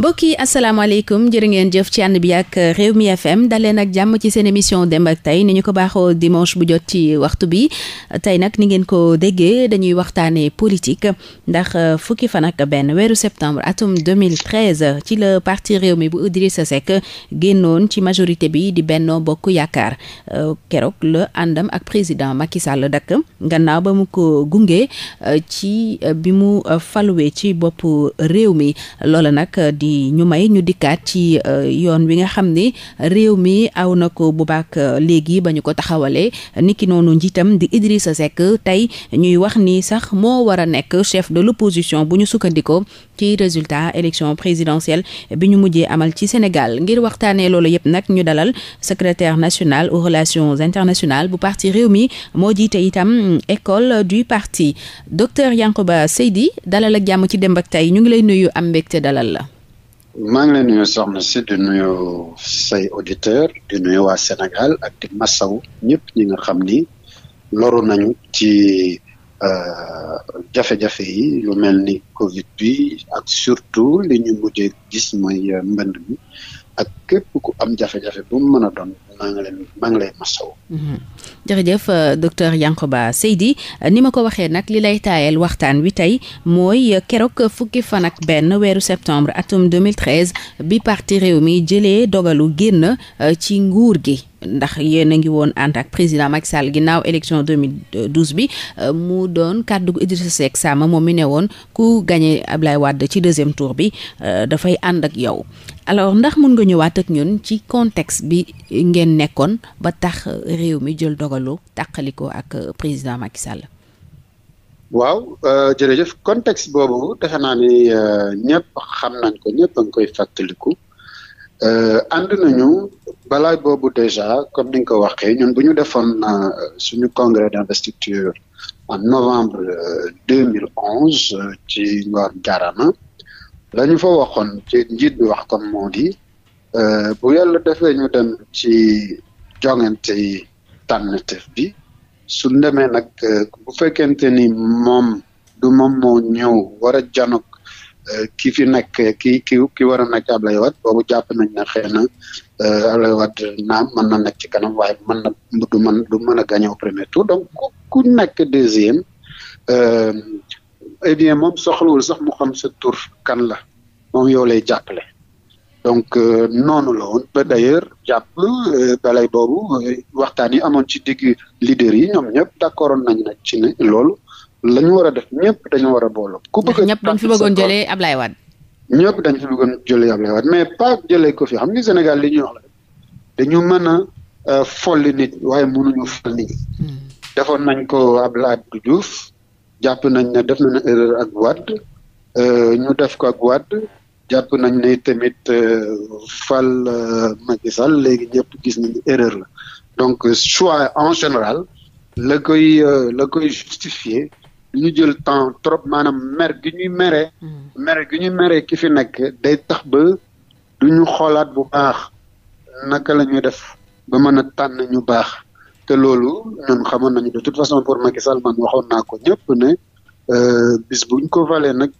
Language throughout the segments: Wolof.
mbokk yi asalaamaaleykum jërë ngeen jëf ci ànd bi ak réew mi FM daleen ak jàmm ci seen émission démb ak tey ni ñu ko baaxoo dimanche bu jot ci waxtu bi tey nag ni ngeen ko déggee dañuy waxtaanee politique ndax euh, fukki fan ak benn weeru septembre atum 2013 ci la parti réew mi bu sa Seck génnoon ci majorité bi di Benno Bokk Yaakaar euh, keroog la àndam ak président Macky Sall dakk gannaaw ba mu ko gunge euh, ci bi mu faluwee ci boppu réew mi loola nag di ñuy ñu may ñu dikkaat ci euh, yoon wi nga xam ni réew mi aw na ko bu baak euh, léegi ba ñu ko taxawalee niki noonu njiitam di Idrissa Seck tey ñuy wax ni sax moo war a nekk chef de l'opposition bu ñu sukkandikoo ci résultat élection présidentielle bi ñu mujjee amal ci Sénégal ngir waxtaanee loolu yépp nag ñu dalal secrétaire national aux relations internationales bu parti mi moo jiite itam euh, école du parti docteur Yankoba Seydi dalal ak jàmm ci Demb ak Tay ñu ngi lay nuyu am dalal la maa ngi leen nuyu soxna si di nuyu say auditeur di nuyu waa Sénégal ak di masaw ñëpp ñi nga xam ni loru nañu ci euh, jafe-jafe yi lu mel ni Covid bi ak surtout li ñu mujjee gis mooy mbënd mi ak képp ku am jafe-jafe bu mu mën a doon maa ngi leen maa jërëjëf euh, docteur Yankoba Seydi euh, ni ma ko waxee nag li lay taayel waxtaan wi tey mooy euh, keroog fukki fan ak benn weeru septembre atum 2013 bi parti réew mi jëlee dogalu génn ci nguur gi ndax yéen a ngi woon ànd ak président Macky Sall ginnaaw élection 2012 bi mu doon kàddu gu Idrissa Seck moom mi ne woon ku gagné Ablaye Wade ci deuxième tour bi dafay ànd ak yow alors ndax mun nga ñëwaat ak ñun ci contexte bi. ngeen nekkoon ba tax réew mi jël dogalu tàqaliko ak président Macky Sall. waaw euh, jërëjëf contexte boobu defe naa ni euh, ñëpp xam nañ ko ñëpp a ngi koy fàttaliku. Euh, ànd nañu balaa boobu déjà comme ni nga ko waxee ñun bu ñu defoon suñu congrès d'investiture en novembre deux mille onze ci Ngor Jarama la fa waxoon ci njiit bi wax comme moo di Euh, bu yàlla defee ñu dem ci joŋante yi tànnateef bi su demee nag euh, bu fekkente ni moom du moom moo ñëw war a janok euh, ki fi nekk ki ki ki war a nekk Ablaye Wade boobu jàpp nañ ne xëy na Ablaye Wade naam mën na nekk ci kanam waaye mën na du mën du mën a gagné au premier tour donc ku nekk deuxième eh bien moom soxlawul sax mu xam sa tur kan la moom yow lay jàppale donc euh, noonu la woon ba d' ailleurs jàpp euh, balay boobu euh, waxtaan yi amoon ci digg leader yi ñoom ñëpp d' accord nañ nag ci ne loolu la ñu war a def ñëpp dañu war a booloo. ku bëgg a ñëpp dañ fi bëggoon jëlee Ablaye Wade. ñëpp dañ fi bëggoon jëlee Ablaye Wade mais pas jëlee ko fi xam ni Sénégal li ñuy wax la dañu mën a folli nit waaye mënuñu fol nit ñi. Hmm. defoon nañ ko Ablaye Diouf jàpp nañ na def nañ erreur ak Wade ñu def ko ak Wade. jàpp nañ ne tamit euh, fal euh, Macky Sall léegi ñëpp gis nañ erreur la donc choix en général la koy euh, la koy justifier du ñu jël temps trop maanaam mer gi ñuy mere mm. gi ñuy mere ki fi nekk day tax ba du ñu xoolaat bu baax naka la ñuy def ba mën a tànn ñu baax te loolu ñun xamoon nañu de toute façon pour Macky Sall man waxoon naa ko ñëpp ne bis buñ ko valee nag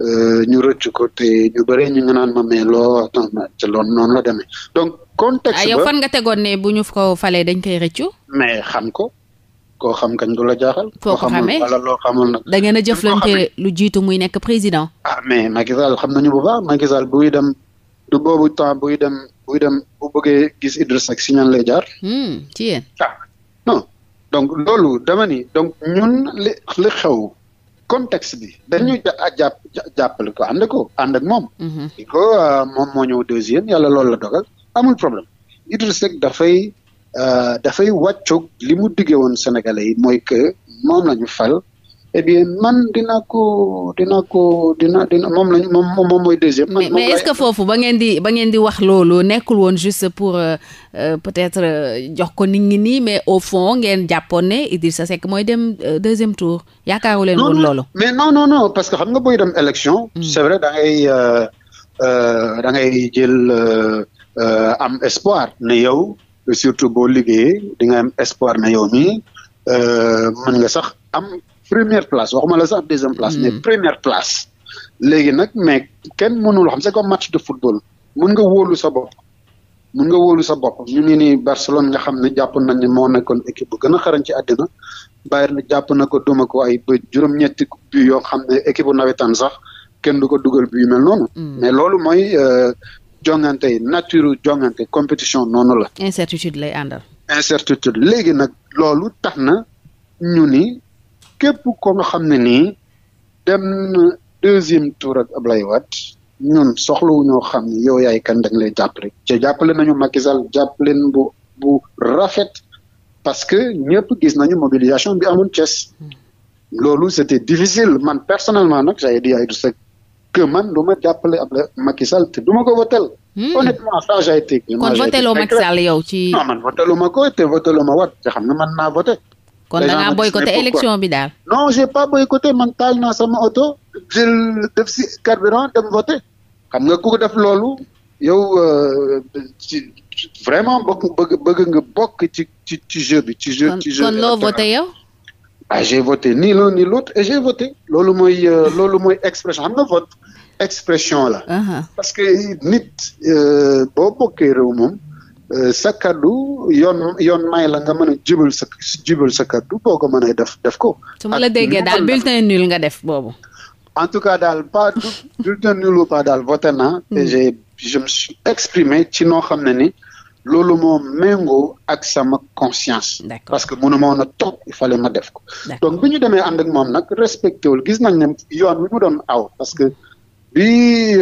Euh, ñu rëcc ko te ñu bëree ñu ngi naan ma mais loo waxtaan ci loolu noonu la demee donc. contexte ah, ba yow nga tegoon ne bu ñu ko falee dañ koy rëccu. mais xam ko koo xam kañ du la jaxal foo ko xamee wala loo xamul nag. da ngeen a lu jiitu muy nekk président. ah mais Macky Sall xam nañu bu baax Macky Sall buy dem du boobu temps buy dem buy dem bu bëggee gis Idrissa Seck si ñan lay jaar. Hmm, ci yéen. ah non donc loolu dama donc ñun li xew. contexte bi dañu jàpp jàppale ko ànd ko ànd ak moom mhm. di ko euh, moom moo ñëw deuxième yàlla loolu la dogal amul problème Idriss Seck dafay euh, dafay wàccoog li mu diggee woon Sénégalais yi mooy que moom la ñu fal eh man dina ko dina ko dina dina moom lañu moom moom mooy deuxième. man mais est que foofu ba ngeen di ba ngeen di wax loolu nekkul woon juste pour euh, euh, peut-être euh, jox ko nit ñi nii mais au fons ngeen jàppoon ne Idrissa Seck mooy dem deuxième tour yaakaaru leen woon loolu. mais non non non parce que xam nga booy dem élection. Hmm. c'est vrai da jël am espoir ne yow. surtout bo liggéeyee di nga am espoir na yow mii mën nga sax première place waxuma la sax deuxième place. mais mm. première place. léegi nag mais kenn mënul xam c'est comme match de football mën nga wóolu sa bopp. mën nga wóolu sa bopp ñu ngi nii Barcelone nga xam ne jàpp nañ ne moo nekkoon équipe bu gën a xarañ ci àddina Bayern jàpp na ko duma ko ay ba juróom-ñetti bi yoo xam ne équipe bu nawetaan sax kenn du ko dugal bi yu mel noonu. Mm. mais loolu mooy euh, jongante yi nature jongante compétition noonu la. incertitude lay àndal. incertitude léegi nag loolu tax na ñu ni képp ko nga xam ne nii dem na deuxième tour ak Ablaye Wade ñun soxlawu ñu xam ne yow yaay kan dañ lay jàppale ca jàppale nañu Macky Sall jàppaleen bu bu rafet parce que ñëpp gis nañu mobilisation bi amoon Thiès loolu c'était difficile man personnellement nag j'ai dit ay du sec man du ma jàppale Ablaye Macky Sall te du ma ko votel hmm. honnêtement ça j'ai été kon voteloo ma ko te voteloo ma wat te xam ne man naa voté kon da ngaa boycotté élection bi daal. non j'ai pas boycotté man taal naa sama oto jël def si carburant dem voté xam nga ku ko def loolu yow euh, ci vraiment bëgg bëgg nga bokk ci ci ci jeu bi. ci jeu ci jeu kon loo voté yow. ah j'ai voté ni l'un ni l'autre et j'ai voté loolu mooy euh, loolu mooy expression xam nga vote expression la. Uh-huh. parce que nit euh, boo bokkee réew moom. Euh, sa yoon yoon may la nga mën a jubal sa jubal sa kaddu boo ko mënee def def ko. su ma la déggee daal bulletin nul nga def boobu. en tout cas daal pas bulletin nul ou daal voté naa. Hmm. te je me ci noo xam ne ni. loolu moom méngoo ak sama conscience. parce que mënu ma woon a toog il fallait ma def ko. donc bi ñu demee ànd ak moom nag respecté wul gis nañ ne yoon wi mu doon aw parce que bi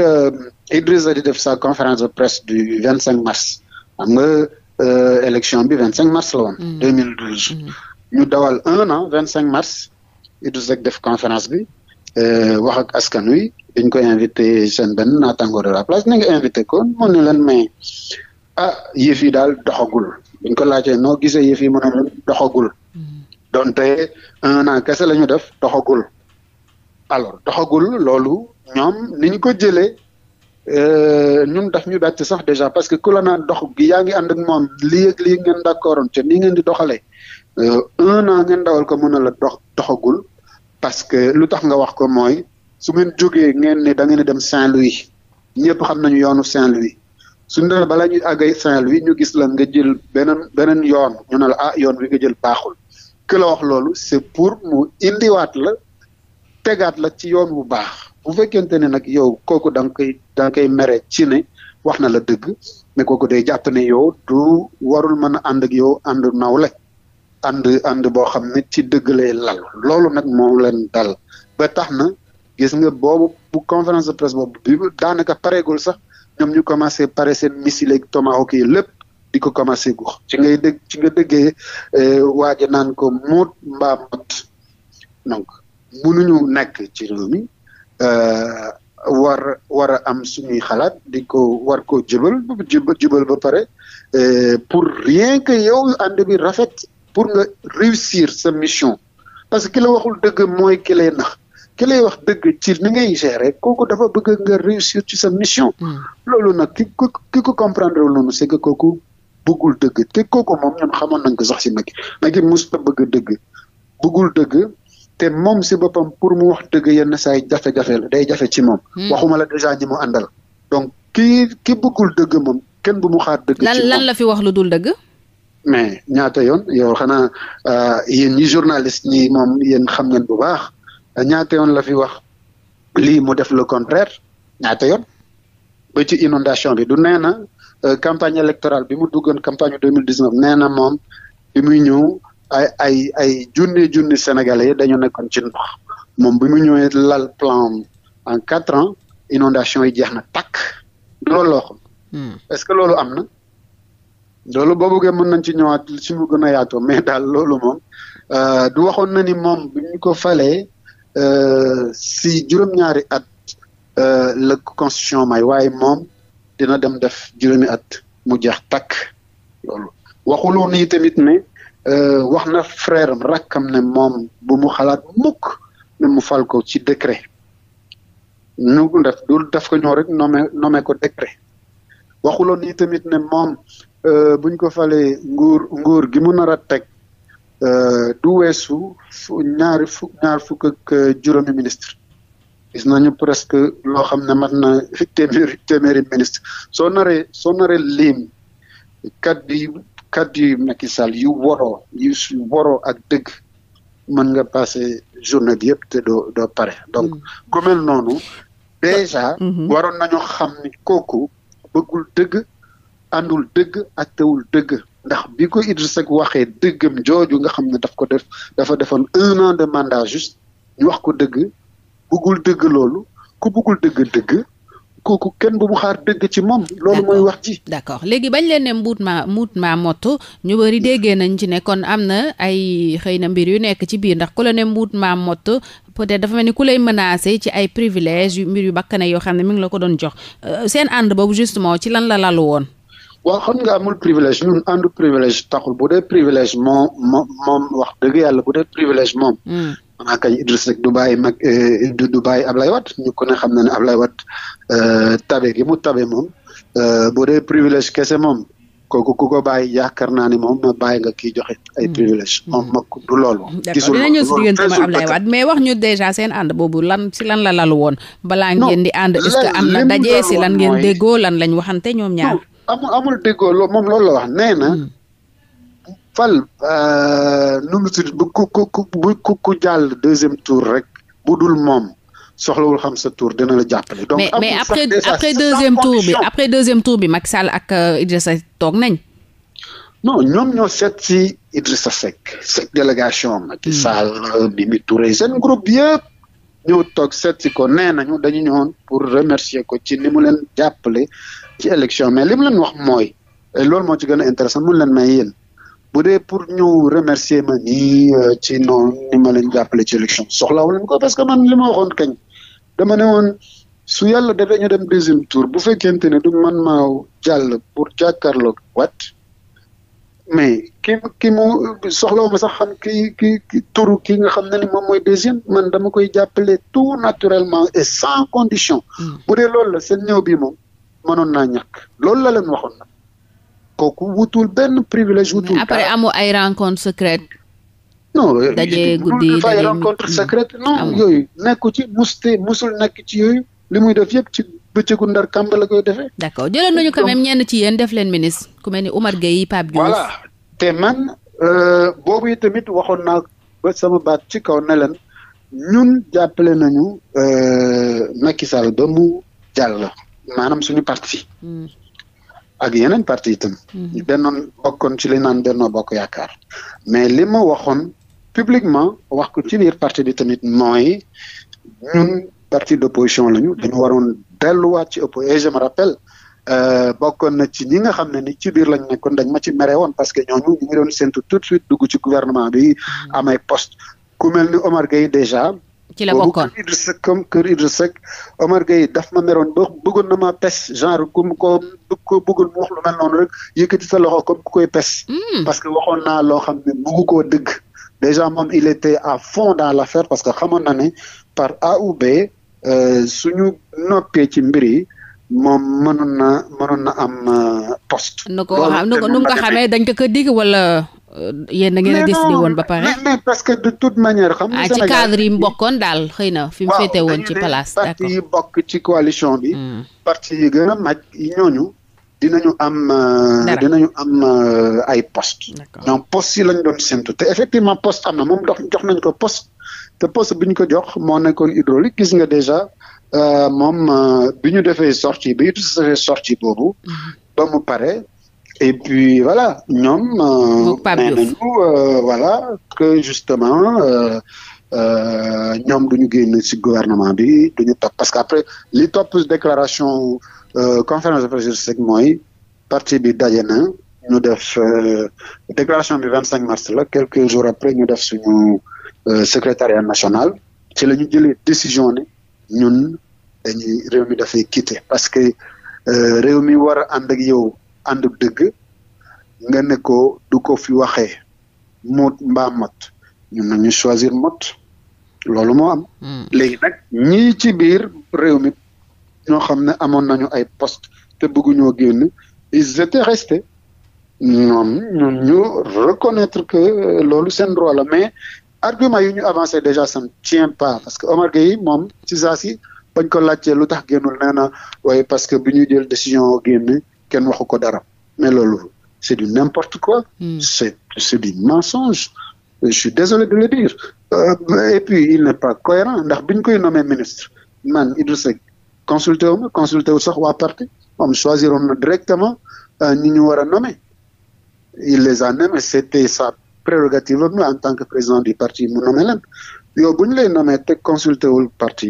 euh, Idrissa di def sa conférence de presse du vingt mars. xam nga euh, élection bi 25 mars la woon. 2012. Mm-hmm. Mm-hmm. ñu dawal un an 25 mars Idrissa Seck def conférence bi euh, wax ak askan wi dañ ko invité seen benn naataango de la place ni nga invité ko mu ne leen mais ah yëf yi daal doxagul dañ ko laajee noo gisee yëf yi mu ne leen doxagul. Mm-hmm. donte un an kese lañu def doxagul. alors doxagul loolu ñoom ni ñu ko Euh, ñun daf ñu bett sax déjà parce que ku la naan dox gi yaa ngi ànd moom lii ak ngeen d'accordoon te nii ngeen di doxalee euh, un an ngeen dawal ko mën a la dox doxagul parce que lu tax nga wax ko mooy su ngeen jógee ngeen ne da ngeen dem Saint-Louis ñëpp xam nañu yoonu Saint-Louis suñu demee balaa ñuy àggay Saint-Louis ñu gis la nga jël beneen beneen yoon ñu ne la ah yoon wi nga jël baaxul ki la wax loolu c'est pour mu indiwaat la tegaat la ci yoon wu baax. bu fekkente ne nag yow kooku da nga koy da mere ci ne wax na la dëgg mais kooku de jàpp ne yow du warul mën a ànd ak yow ànd nawle ànd ànd boo xam ne ci dëgg lay lal loolu nag moom leen dal ba tax na gis nga boobu bu conférence de presse boobu bi daanaka pareegul sax ñoom ñu commencé pare seen missile ak tomahawk yi lépp di ko commencé gux ci ngay dégg ci nga déggee euh, waaje naan ko mut mbaa mot donc mënuñu nekk ci réew Euh, war war a am suñuy xalaat di ko war ko jubal ba pare euh, pour rien que yow ànd bi rafet pour nga réussir sa mission parce que ki la waxul dëgg mooy ki lay nax ki lay wax dëgg ci ni ngay gérer kooku dafa bëgg nga réussir ci sa mission. Hmm. loolu nag ki ko ki ko comprendre loolu c'est que kooku bëggul dëgg te kooku moom ñun xamoon nañ ko sax si Macky Macky mosut a bëgg dëgg bëggul dëgg. te moom si boppam pour mu wax dëgg yenn saay jafe-jafe la day jafe ci moom. Hmm. waxuma la dèjà ñi mu àndal. donc ki ki bëggul dëgg moom kenn bu mu xaar dëgg. ci lan lan la fi wax lu dul dëgg. mais ñaata yoon yow xanaa euh, yéen ñi journaliste ñi moom yéen xam ngeen bu baax ñaata yoon la fi wax lii mu def le contraire ñaata yoon ci inondation bi du nee na euh, campagne électorale bi mu duggoon campagne deux mille dix neuf nee na moom bi muy ñëw. ay ay ay junni junni sénégalais dañu nekkoon ci ndox moom bi mu ñëwee lal plan en quatre ans inondation yi jeex na takk loolu loo xam. Hmm. est-ce que loolu am na. loolu boo bëggee mën nañ ci ñëwaat si mu gën mais daal loolu moom euh, du waxoon na ni moom bi ñu ko euh, si juróom-ñaari at euh, la constitution may waaye moom dina dem def juróomi at mu jeex takk loolu waxuloo nii Euh, wax na frère am rakkam ne moom bu mu xalaat mukk ne mu fal ko ci décret ñu def du daf ko ñëw rek nommé nommé ko décret waxuloon ni tamit ne moom euh, buñ ko falee nguur nguur gi mu nar a teg euh, du weesu ñaari fukk ñaar fukk ak juróomi ministre gis nañu presque loo xam ne mat na téeméeri téeméeri ministre soo naree soo naree liim kat kàddu yu Macky Sall yu waroo yu su waroo ak dëgg mën nga passé journée bi yëpp te doo doo pare donc mm. ku mel noonu déjà mm-hmm. Mm-hmm. waroon nañu xam ni kooku bëggul dëgg àndul dëgg ak tewul dëgg ndax bi ko Idrissa Seck waxee dëggam jooju nga xam ne daf ko def dafa defoon un an de juste ñu wax ko dëgg bëggul dëgg loolu ku bëggul dëgg dëgg kooku kenn bu mu xaar dëgg ci moom. loolu mooy wax ji. d'accord léegi bañ leen ne mbuut ma mbuut ñu bëri mm. déggee nañ ci ne kon am na ay xëy na mbir yu nekk ci biir ndax ku la ne mbuut maam mottu peut-être dafa mel ni ku lay menacé ci ay privilèges yu mbir yu bakkane yoo xam ne mi ngi la ko doon jox euh, seen ànd boobu justement ci lan la lalu woon. waaw xam nga amul privilège ñun àndu privilège taxul bu dee privilège moom moom moom wax dëgg yàlla bu dee privilège moom. Mm. xanaa kay Idriss rek eh, du bàyyi mag du du bàyyi Ablaye ñu ko ne xam na ne Ablaye Wade eh, tabe gi mu tabe moom eh, boo dee kese moom kooku ku ko bàyyi yaakaar naa ne moom bàyyi nga kii joxe ay hmm. privilège hmm. moom mag du loolu. gisul dina ñëw si diggante ma Ablaye Wade mais wax ñu déjà seen ànd boobu lan si lan la lalu woon. balaa ngeen di ànd est-ce que am na daje si lan ngeen déggoo lan lañ waxante ñoom ñaar. amul amul moom loolu la wax nee fal euh, nu mu tudd bu ku ku ku ku deuxième tour rek bu dul moom soxlawul xam sa tour dina la jàppale. donc mais mais après deuxième tour bi après deuxième tour bi Macky Sall ak euh, Idrissa toog nañ. non ñoom ñoo seet si Idrissa Seck Seck délégation Macky hmm. Sall Mimi Touré seen groupe yëpp ñëw toog seet si ko nee nañu dañu ñëwoon pour remercier ko ci ni mu leen jàppale ci élection mais li mu leen wax mooy loolu moo ci gën a intéressant mu leen may yéen bu dee pour ñu remercier ma ni euh, ci noonu ni ma leen jàppale ci soxla soxlawu leen ko parce que man li ma waxoon kañ dama ne woon su yàlla defee ñu dem deuxième tour bu fekkente ne du man maaw jàll pour jàkkaarloog wat mais ki ki mu soxlawu ma sax xam ki ki turu ki nga xam ne ni moom mooy deuxième man dama koy jàppale tout naturellement et sans condition. Mm. bu dee loolu la seen ñëw bi moom mënoon naa ñàkk loolu la leen waxoon kooku wutul benn privilège wutul. après amul ay rencontre secrète. non daje guddi dafay rencontre secrète non ah yooyu nekku ci muste musul nekk ci yooyu li muy def yëpp ci bëccëgu ndar kàmb la koy defee. d'accord jëloon nañu quand même ñenn ci yéen def leen ministre ku mel ni Oumar Gueye Pape Diouf. te man euh, boobu tamit waxoon naa ba sama baat ci kaw na leen ñun jàppale nañu euh, Macky Sall ba mu jàll maanaam suñu parti. Hmm. ak yeneen parti itam. Mhm. ñu bennoon bokkoon ci li naan bennoo bokk yaakaar mais li ma waxoon publiquement wax ko ci biir parti bi tamit mooy ñun parti d'opposition lañu dañu waroon delluwaat ci oppo et je me rappelle euh, bokkoon na ci ñi nga xam ne ni ci biir lañ nekkoon dañ ma ci mere woon parce que ñooñu ñu ngi doon tout de suite dugg ci gouvernement bi mhm. amay poste ku mel ni Omar Gueye déjà comme kër Idrissa Seck Omar Gueye daf ma meroon ba bëggoon na ma pes genre comme ko ko bëggoon mu wax lu mel rek yëkkati sa loxo comme ku koy pes hmm. parce que waxoon naa loo xam ne bëggu koo dëgg déjà moom il était a fond dans l'affaire parce que xamoon ne par A ou B euh, suñu noppee ci mbir yi moom mënoon na mënoon na am euh, poste. nu ko nu mu ko wala. Euh, yéen da ngeen a décidé woon ba pare. mais parce que de toute manière. xam nga ah, ci cadre yi mu daal xëy na fi mu féete woon ci place. d'accord yi bokk ci coalition bi. Hmm. parce yi gën a maj ñooñu. ñu am dinañu am euh, euh, ay poste donc poste yi lañ doon séntu te effectivement post am na moom dox jox nañ ko post te poste bi ñu ko jox moo nekkoon hydraulique gis nga déjà moom bi ñu defee sortie bi ñu defee sortie boobu hmm. ba mu pare Et puis voilà, ñoom euh, nee nañu euh, voilà que justement euh, euh, ñoom duñu génn si gouvernement bi du ñu topp parce que après li topp déclaration euh, conférence de presse rek mooy parti di daje na ñu def déclaration bi cinq mars la quelques jours après ñu def suñu secrétariat national ci la ñu jëlee décision ne ñun dañuy réew mi dafay quitter parce que réew mi war a ànd ak yow. ànd dëgg nga ne ko du ko fi waxee moot mbaa mot ñun nañu choisir mot loolu moo am hmm. léegi nag ñii ci biir réew mi ñoo xam ne amoon nañu ay poste te bëgguñoo génn ils étaient restés ñoom ñun ñu reconnaître que euh, loolu seen droit la mais argument yu ñu avancé déjà ça ne pas parce que Omar Gueye moom ci saa si bañ ko laajtee lu tax génnul nee waaye parce que bi ñuy jël décision génn kenn waxu ko dara mais loolu c'est du n'importe quoi mm. c'est c'est du mensonge je suis désolé de le dire euh, et puis il n'est pas cohérent ndax bi ñu koy nommé ministre man Idrissa Seck consulté wu ma consulté wu sax waa parti moom choisir na directement euh, ñi ñu war a il les a nommés c'était sa prérogative am en tant que président du parti mu nommé leen yow bu lay nommé te consulté wul parti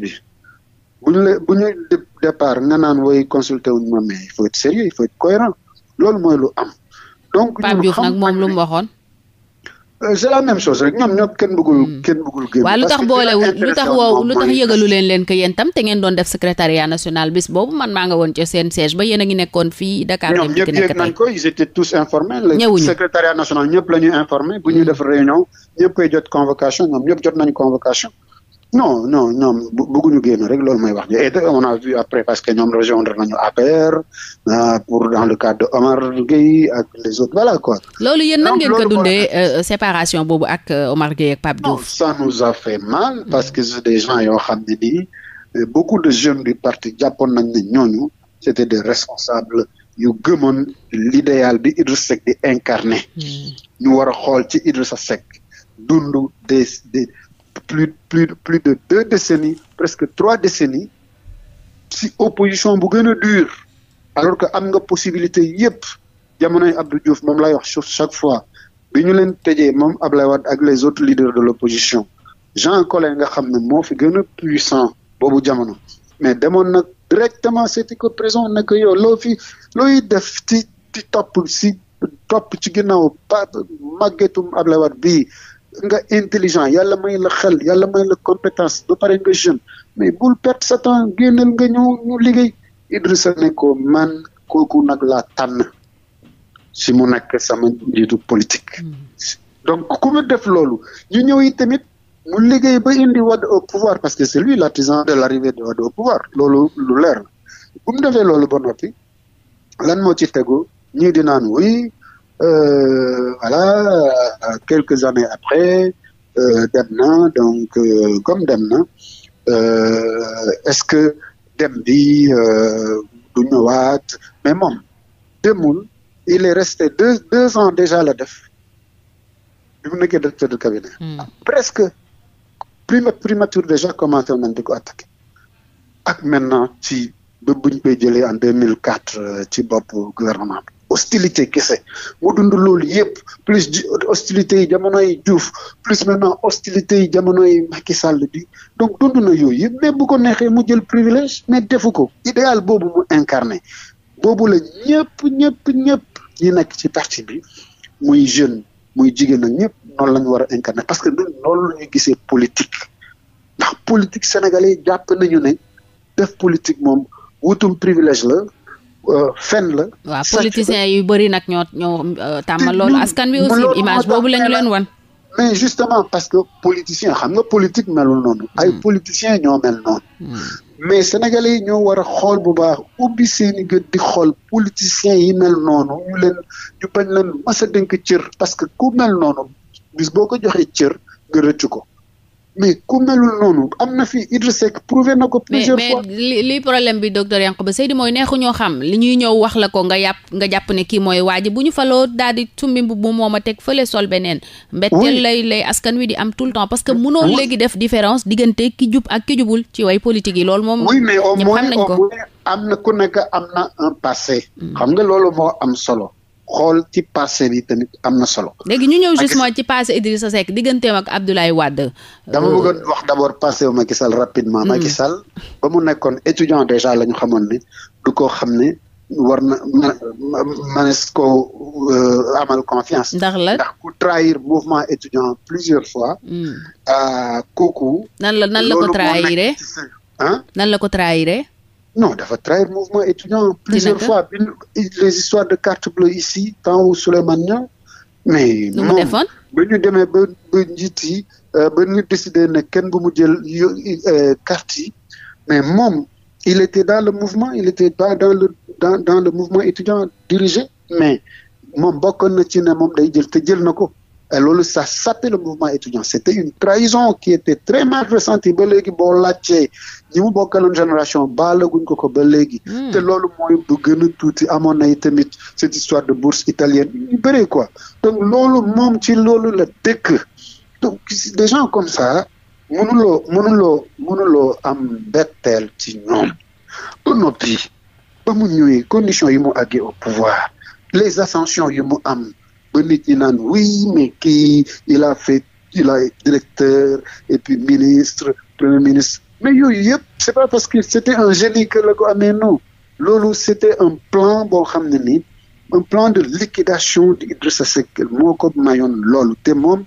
bu ñu la bu ñu départ nga naan way consulté wuñ ma mais il faut sérieux il faut être cohérent loolu mooy lu am. donc Pape Diouf nag moom lu mu waxoon. Euh, c'est la même chose rek ñoom ñoo kenn bëggul hmm. kenn bëggul génn. waaw lu tax boolewul lu tax yëgalu leen leen que yéen tam te ngeen doon def secrétariat national bis boobu man maa nga woon ca seen siège ba yéen a ngi nekkoon fii Dakar. ñoom ñëpp yëg nañ ko ils étaient tous informés. ñëwuñu secrétariat national ñëpp la ñuy informé bu ñuy hmm. def réunion ñëpp koy jot convocation ñoom ñëpp jot nañ non non ñoom bëgguñu génn rek loolu mooy wax ji et après parce que ñoom rejoindre nañu APR euh, pour dans le cadre de Omar Gueye ak les autres voilà quoi. loolu yéen nan ngeen ko dundee euh, séparation boobu ak euh, Omar Gueye ak Pape Diouf. ça nous a fait mal parce mm. que c'est des gens yoo xam ne nii beaucoup de jeunes du parti jàppoon nañ ne ñooñu c'était des responsables yu gëmoon l'idéal bi Idrissa Seck di incarné. Mm. ñu war xool ci Idrissa Seck dund des des. plus plus plus de deux décennies presque trois décennies si opposition bu gën a dure alors que am nga possibilité yëpp jamonoy Abdou Diouf moom lay wax chaque fois bi ñu leen teje moom Ablaye Wade ak les autres leaders de l'opposition Jean Collin nga xam ne moo fi gën a cent boobu jamono mais demoon nag directement c'était que présent na que yow loo fi looy def ci ci topp si topp ci ginnaaw pa màggetum Ablaye Wade bii nga intelligent yàlla may la xel yàlla mooy la compétence ba pare nga jeune mais bul perte sa temps génneel nga ñëw ñu liggéey Idrissa ko man kooku nag laa tànn si mu nekk sama njiitu politique hmm. donc ku mu def loolu ñu ñëw yi tamit mu liggéey ba indi Wade au pouvoir parce que c'est lui l'artisan de l'arrivée de Wade au pouvoir loolu lu leer la bu defee loolu ba noppi lan moo ci tegu ñii di Euh, voilà, euh, quelques années après, euh, dem na donc comme dem est-ce que dem bi du ñëwaat mais moom demul il est resté deux deux ans déjà la def de cabinet hmm. presque primature déjà commencé nañ di ko attaqué ak maintenant ci ba buñ koy jëlee en deux mille quatre ci bopp gouvernement hostilité kese mu dund loolu yëpp plus hostilité yi jamono yi Diouf plus maintenant hostilité yi jamono yi Macky Sall bi donc dund na yooyu yëpp mais bu ko neexee mu jël privilège mais defu ko idéal boobu mu incarné boobu la ñëpp ñëpp ñëpp ñi nag ci parti bi muy jeune muy jigéen ak ñëpp noonu la ñu war a incarné parce que ñun loolu la ñu gisee politique ndax politique sénégalais jàpp nañu ne def politique moom wutum privilège la Euh, fen la. waaw politiciens yu bëri nag ñoo ñoo euh, tàmmal loolu askan wi aussi image boobu la leen wan. mais justement parce que politicien xam nga politique melul noonu. Hmm. ay politiciens ñoo mel noonu. Hmm. mais sénégalais yi ñoo war a xool bu baax ubbi seen i di xool politiciens yi mel noonu ñu leen ñu bañ leen mës a cër parce que ku mel noonu bis boo ko joxee cër nga rëccu ko. mais ku melul noonu am na fi Idrissa Seck na ko plusieurs fois mais li problème bi docteur Yankhoba Seydi mooy neexu ñoo xam li ñuy ñëw wax la ko nga yàpp nga jàpp ne kii mooy waa bu ñu faloo daal di tumbi bu moom a teg fële sol beneen mbetteel lay lay askan wi di am toul le temps parce que mënoo léegi def différence diggante ki jub ak ki jubul ci way politique yi loolu moom ñëpp xam nañ ko am na ku nekk am na un passé mm. xam nga loolu moo am solo xool ci passé bi tamit am na solo. léegi ñu ñëw justement ci passé sa Seck digganteem ak Abdoulaye Wade. dama euh, bëggoon wax d' abord passé wu Macky Sall rapidement. Hmm. Macky Sall ba mu nekkoon étudiant déjà la ñu xamoon ne du ko xam ne war na manes ko euh, amal confiance. ndax la ndax ku trahir mouvement étudiant plusieurs fois. Hmm. Euh, kooku. nan la nan la ko trahiré nan la ko non dafa trahir mouvement étudiant plusieurs fois les histoires de carte bleue ici temps wu Souleymane Niang mais moom ba ñu demee ba ba njiit yi euh, ba ñu ne kenn bu mu jël euh, carte mais moom il était dans le mouvement il était pas dans le dans dans le mouvement étudiant dirigé mais moom bokkoon na ci ne moom day jël te jël na ko loolu sa sapait le mouvement étudiant c'était une trahison qui était très mal ressentie ba léegi boo laajtee ñi mu bokkaloon génération baalaguñ ko ko ba léegi hmm. te loolu mooy bu gën a tuuti amoon na tamit cette histoire de bourse italienne ñu bëri quoi donc loolu moom ci loolu la dëkk donc des gens comme ça mënuloo mënuloo loo am mbetteel ci ñoom ba noppi ba mu ñëwee conditions yi mu àggee au pouvoir les ascensions yu mu am ba nit ñi naan oui mais kii il a fait il directeur et puis ministre premier ministre mais yooyu yëpp c'est pas parce que c'était un génie que la ko amee non loolu c'était un plan boo xam ne ni un plan de liquidation de Idrissa Seck moo ko mayoon loolu te moom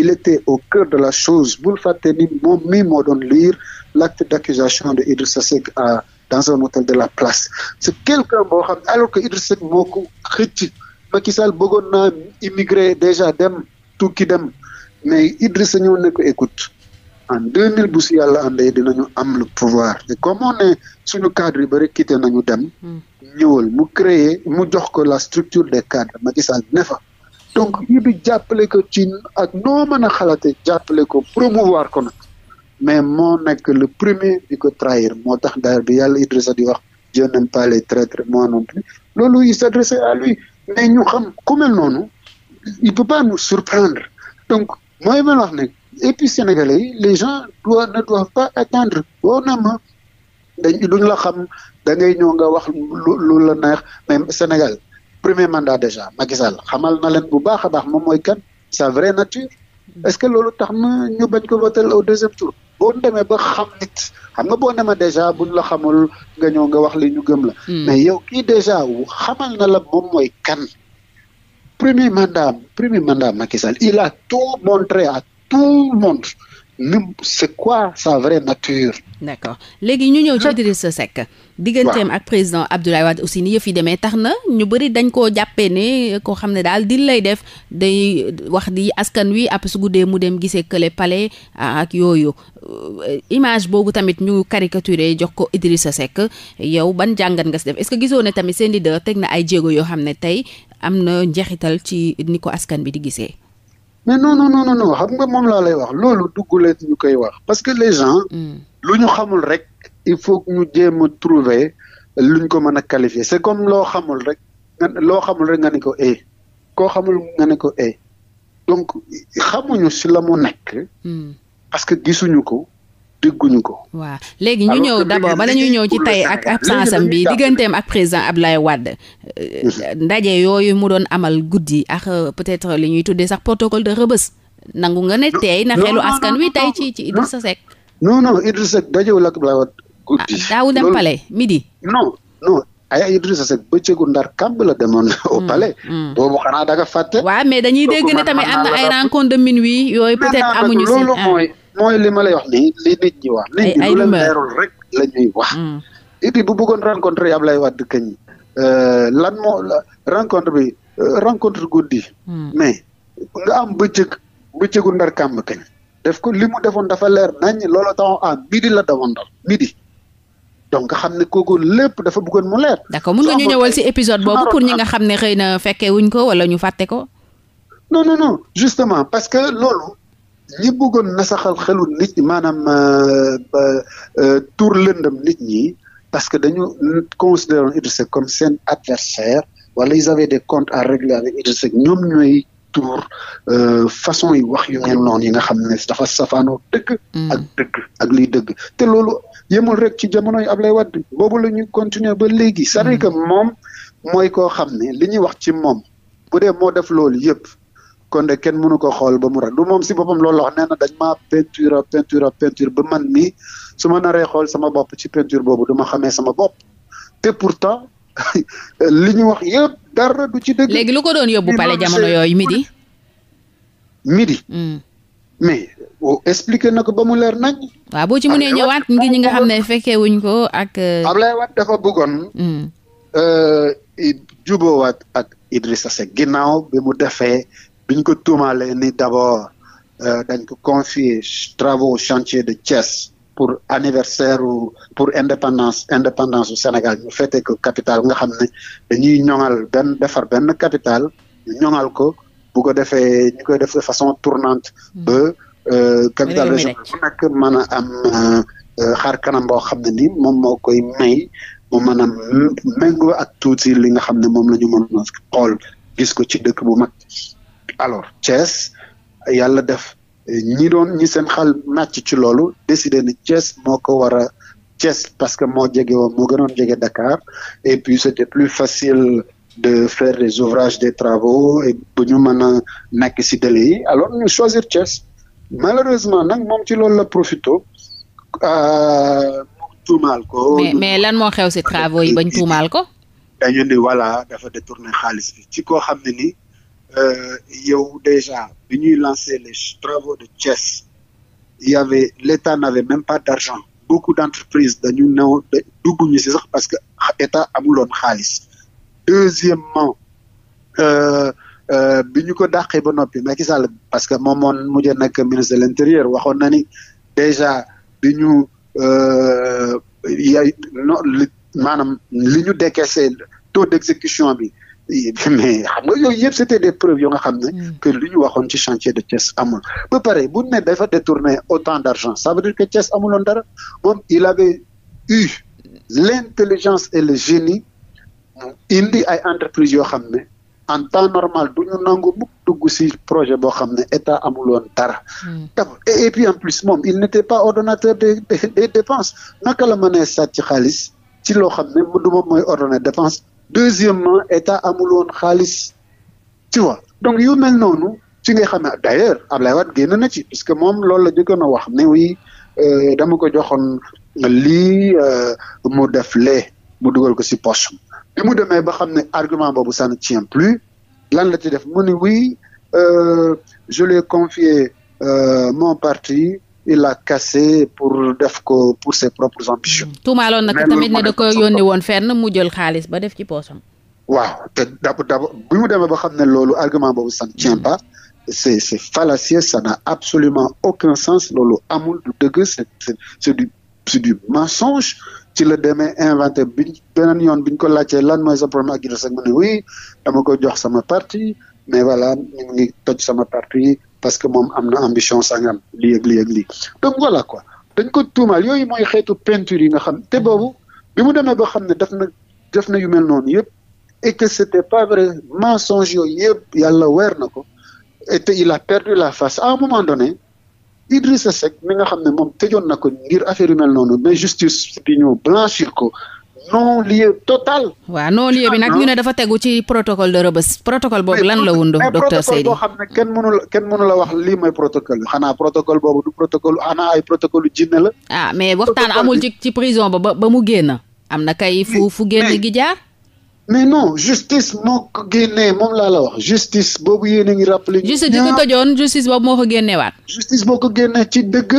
il était au cœur de la chose bul fàtte ni moom mii moo doon lire l'acte d'accusation de Idrissa Seck à dans un hôtel de la place c'est quelqu'un boo xam alors que Idrissa Seck moo ko xëcc Macky Sall bëggoon naa immigré déjà dem tukki dem mais Idrissa ñëw ne ko écoute en 2000 bu si yàlla àndee dinañu am le pouvoir et comme on est suñu cadre yi bari quitté nañu dem. Hmm. ñëwal mu créer mu jox ko la structure des cadres Macky Sall ne fa. donc yi bi jàppale ko ci ak noo mën a xalaate jàppale ko promouvoir ko nag mais moo nekk le premier di ko trahir moo tax d'ailleurs bi yàlla Idrissa di wax Dieu n'aime pas les moi non loolu il s'adressait à lui mais ñu xam ku mel noonu il peut pas nous surprendre donc mooy ma wax ne et puis sénégalais yi les gens doivent ne doivent pas attendre woo na ma dañ duñ la xam da ngay ñëw nga wax lu lu la neex mais Sénégal premier mandat déjà Macky Sall xamal na leen bu baax a baax moom mooy kan sa vraie nature est-ce que loolu tax na ñu bañ ko voter au deuxième tour boo demee ba xam nit xam nga boo demee déjà buñ la xamul nga ñëw nga wax li ñu gëm la. Hmm. mais yow kii déjà xamal na la moom mooy kan. premier mandat premier mandat Macky Sall il a tout montré à tout le monde. lim c'est quoi sa léegi ñu ñëw ci Idrissa Seck. digganteem ak président Abdoulaye Wade aussi ni yëf yi demee tax na ñu bëri dañ koo jàppee ne koo xam ne daal di lay def day wax di askan wi après su guddee mu dem gisee kële pale ak yooyu euh, image boobu tamit ñu caricaturé jox ko Idrissa Seck yow ban jàngat nga si def est-ce que gisoo ne tamit seen di leader teg na ay jéego yoo xam ne tey am na njeexital ci ni ko askan bi di gisee. mais non non non non xam nga moom laa lay wax loolu dugg leen ñu koy wax parce que les gens. Mm. lu ñu xamul rek il faut que ñu jéem a trouver lu ñu ko mën a qualifier c'est comme loo xamul rek nga loo xamul rek nga ne ko eh koo xamul nga ne ko eh donc xamuñu si la mu nekk. Mm. parce que gisuñu ko. dégguñu ko. waaw léegi ñu ñëw d'abord bala ñuy ñëw ci tey ak absence am bi digganteem ak président Abdoulaye Wade. Mhm. Euh, ndaje yooyu mu doon amal guddi ak euh, peut-être li ñuy tuddee sax protocole de Rebeuss. nangu nga ne tey na xelu askan wi tey ci ci Idrissa Seck. non non Idrissa Seck dajewul ak Abdoulaye Wade guddi. Ah, daawu dem a midi. non non. ndar kàmb la demoon au mm, palais mm. boobu xanaa da nga fàtte. waaw mais dañuy dégg ne tamit am na ay rencontre de yooyu peut amuñu si. mooy li ma lay wax nii li nit ñi wax. nit ñi rek la ñuy wax. Mm. Idi bu bëggoon rencontré Ablaye Wade kañ euh, lan moo rencontre bi euh, rencontre guddi. Mm. mais nga am bëccëg bëccëgu ndar kàmb kañ. def ko li mu defoon dafa leer nañ loolu taxoon am midi la dawandal midi. donc xam ne kooku lépp dafa bëggoon mu leer. d'accord mun nga ñu ñëwal ci épisode boobu pour ñi nga xam ne xëy na fekkee wuñ ko wala ñu fàtte ko. non non non justement parce que loolu ñi bëggoon nasaxal xelu nit ñi maanaam euh, ba euh, tur lëndëm nit ñi parce que dañu considéré Idrissa Seck comme seen adversaire wala ils avaient des comptes à régler avec Idrissa Seck ñoom ñooy tur euh, façon yi wax yu mel noonu yi nga xam ne dafa safaanoo dëgg mm. ak dëgg ak liy dëgg te loolu yemul rek ci jamono yu Ablaye Wade boobu la ñuy continuer ba léegi cest à mm. moom mooy koo xam ne li ñuy wax ci moom bu dee moo def loolu yëpp kon de kenn mënu ko xool ba mu rafet du moom si boppam loolu la na dañ maa peinture peinture ba man mii su ma naree xool sama bopp ci peinture boobu du ma xamee sama bopp te pourtant li ñu wax yëpp dara du ci dëgg. léegi lu ko doon yóbbu pale jamono yooyu midi. midi. Hmm. mais oh, expliqué na ko ba mu leer nañ. waaw boo ci mu mënee ñëwaat ngi ñi nga xam ne fekkee wuñ ko ak. Euh, Ablaye Wade dafa bëggoon. Hmm. Euh, juboowaat ak Idrissa Seck ginnaaw bi mu defee. bi ñu ko tuumaalee ni d'abord euh, dañ ko confier travaux chantier de Thiès pour anniversaire pour indépendance indépendance du Sénégal ñu fête ko capital nga xam ne dañuy ñoŋal benn defar benn capital ñu ko bu ko defee ñu koy def de façon tournante hmm. ba euh, capitale régionale bu nekk mën a am euh, xaar kanam boo xam ne ni moom moo koy may mu mën a méngoo ak tuuti li nga xam ne moom la ñu mën a xool gis ko ci dëkk bu mag alors Thiès yàlla def ñi doon ñi seen xal màcc ci loolu décidé na Thiès moo ko war a Thiès parce que moo jege woon moo gënoon jege Dakar et puis c'était plus facile de faire des ouvrages des travaux et bu ñu mën a nekk ci délai yi alors ñu choisir Thiès malheureusement nag moom ci loolu la profito ah, mu tuumaal ko. mais lan moo xew ci travaux yi bañ tuumaal ko. dañu ni voilà dafa détourné xaalis ci ko xam ne ni. Euh, yow déjà bi ñuy lancer les travaux de Thiès il y l'État n'avait même pas d'argent beaucoup d'entreprises dañu new dugg ñu si sax parce que État amuloon xaalis deuxièmement euh, euh, bi ñu ko dàqee ba noppi Macky Sall parce que moom moon mujj nekk ministre de l'intérieur waxoon na ni déjà bi ñu yay maanaam li ñu décaissé taux d'exécution bi mais xam nga yooyu yëpp c'était des preuves yoo nga xam ne mm. que lu ñu waxoon ci chantier de Thiès amul ba pare bu ne dafa détourner autant d'argent ça veut dire que Thiès amuloon dara moom il avait eu l'intelligence et le génie indi ay entreprises yoo xam ne en temps normal du ñu nangu mukk dugg ci projet boo xam ne état amuloon dara. Mm. d'abord et en plus moom il n'était pas ordonnateur des des dépenses naka la mënee sàcc xaalis ci loo xam ne du moom mooy ordonner dépense deuxièmement état amul woon xaalis tu vois donc yu mel noonu ci ngay xamee d' ailleurs Ablaye Wade na ci parce que moom loolu la jëkkoon a wax ne wii oui euh, dama ko joxoon lii euh, mu def lee mu dugal ko si poche bi mu demee ba xam ne argument boobu ça ci tient plus lan la ci def mu ne oui euh, je lui ai euh, mon parti il a cassé pour def ko pour ses propres ambitions. Mm. tuumaaloon nag tamit ne da ko yónnee woon fenn mu jël xaalis ba def ci poosam. waaw te d'abord d'abord bi mu demee ba xam ne loolu argument boobu ça ne tient mm. pas c'est c'est fallacieux ça n'a absolument aucun sens loolu amul du dëgg c'est du mensonge ci la demee inventé biñ beneen yoon bi ñu ko laajtee lan mooy sa problème ak Idrissa Seck mu ne dama ko jox sama parti mais voilà ñu ngi toj sama parti parce que moom am na ambition sangam lii ak lii ak lii donc voilà quoi dañ ko tuumaal yooyu mooy xeetu peinture yi nga xam te boobu bi mu demee ba xam ne def na def na yu mel noonu yëpp et que c'était pas vrai mensonge yooyu yëpp yàlla weer na ko et te il a perdu la face à un moment donné Idrissa Seck mi nga xam ne moom tëjoon na ko ngir affaire yu mel noonu mais justice bi ñu blanchir ko non lieu total. waa non lieu bi nag ah. ñu ne dafa tegu ci protocole de Rebeuss protocole boobu lan la wundu docteur Seydi boo xam ne kenn mënu kenn mënu wax lii mooy protocole xanaa protocole boobu du protocole xanaa ay protocole jinne la. ah mais waxtaan amul ci ci prison ba ba mu génn. am na kay fu fu génn gi jaar. mais non justice moo ko génnee moom laa la wax justice boobu yéen a ngi rappelé. justice bi boobu moo ko génneewaat. justice moo ko génne ci dëgg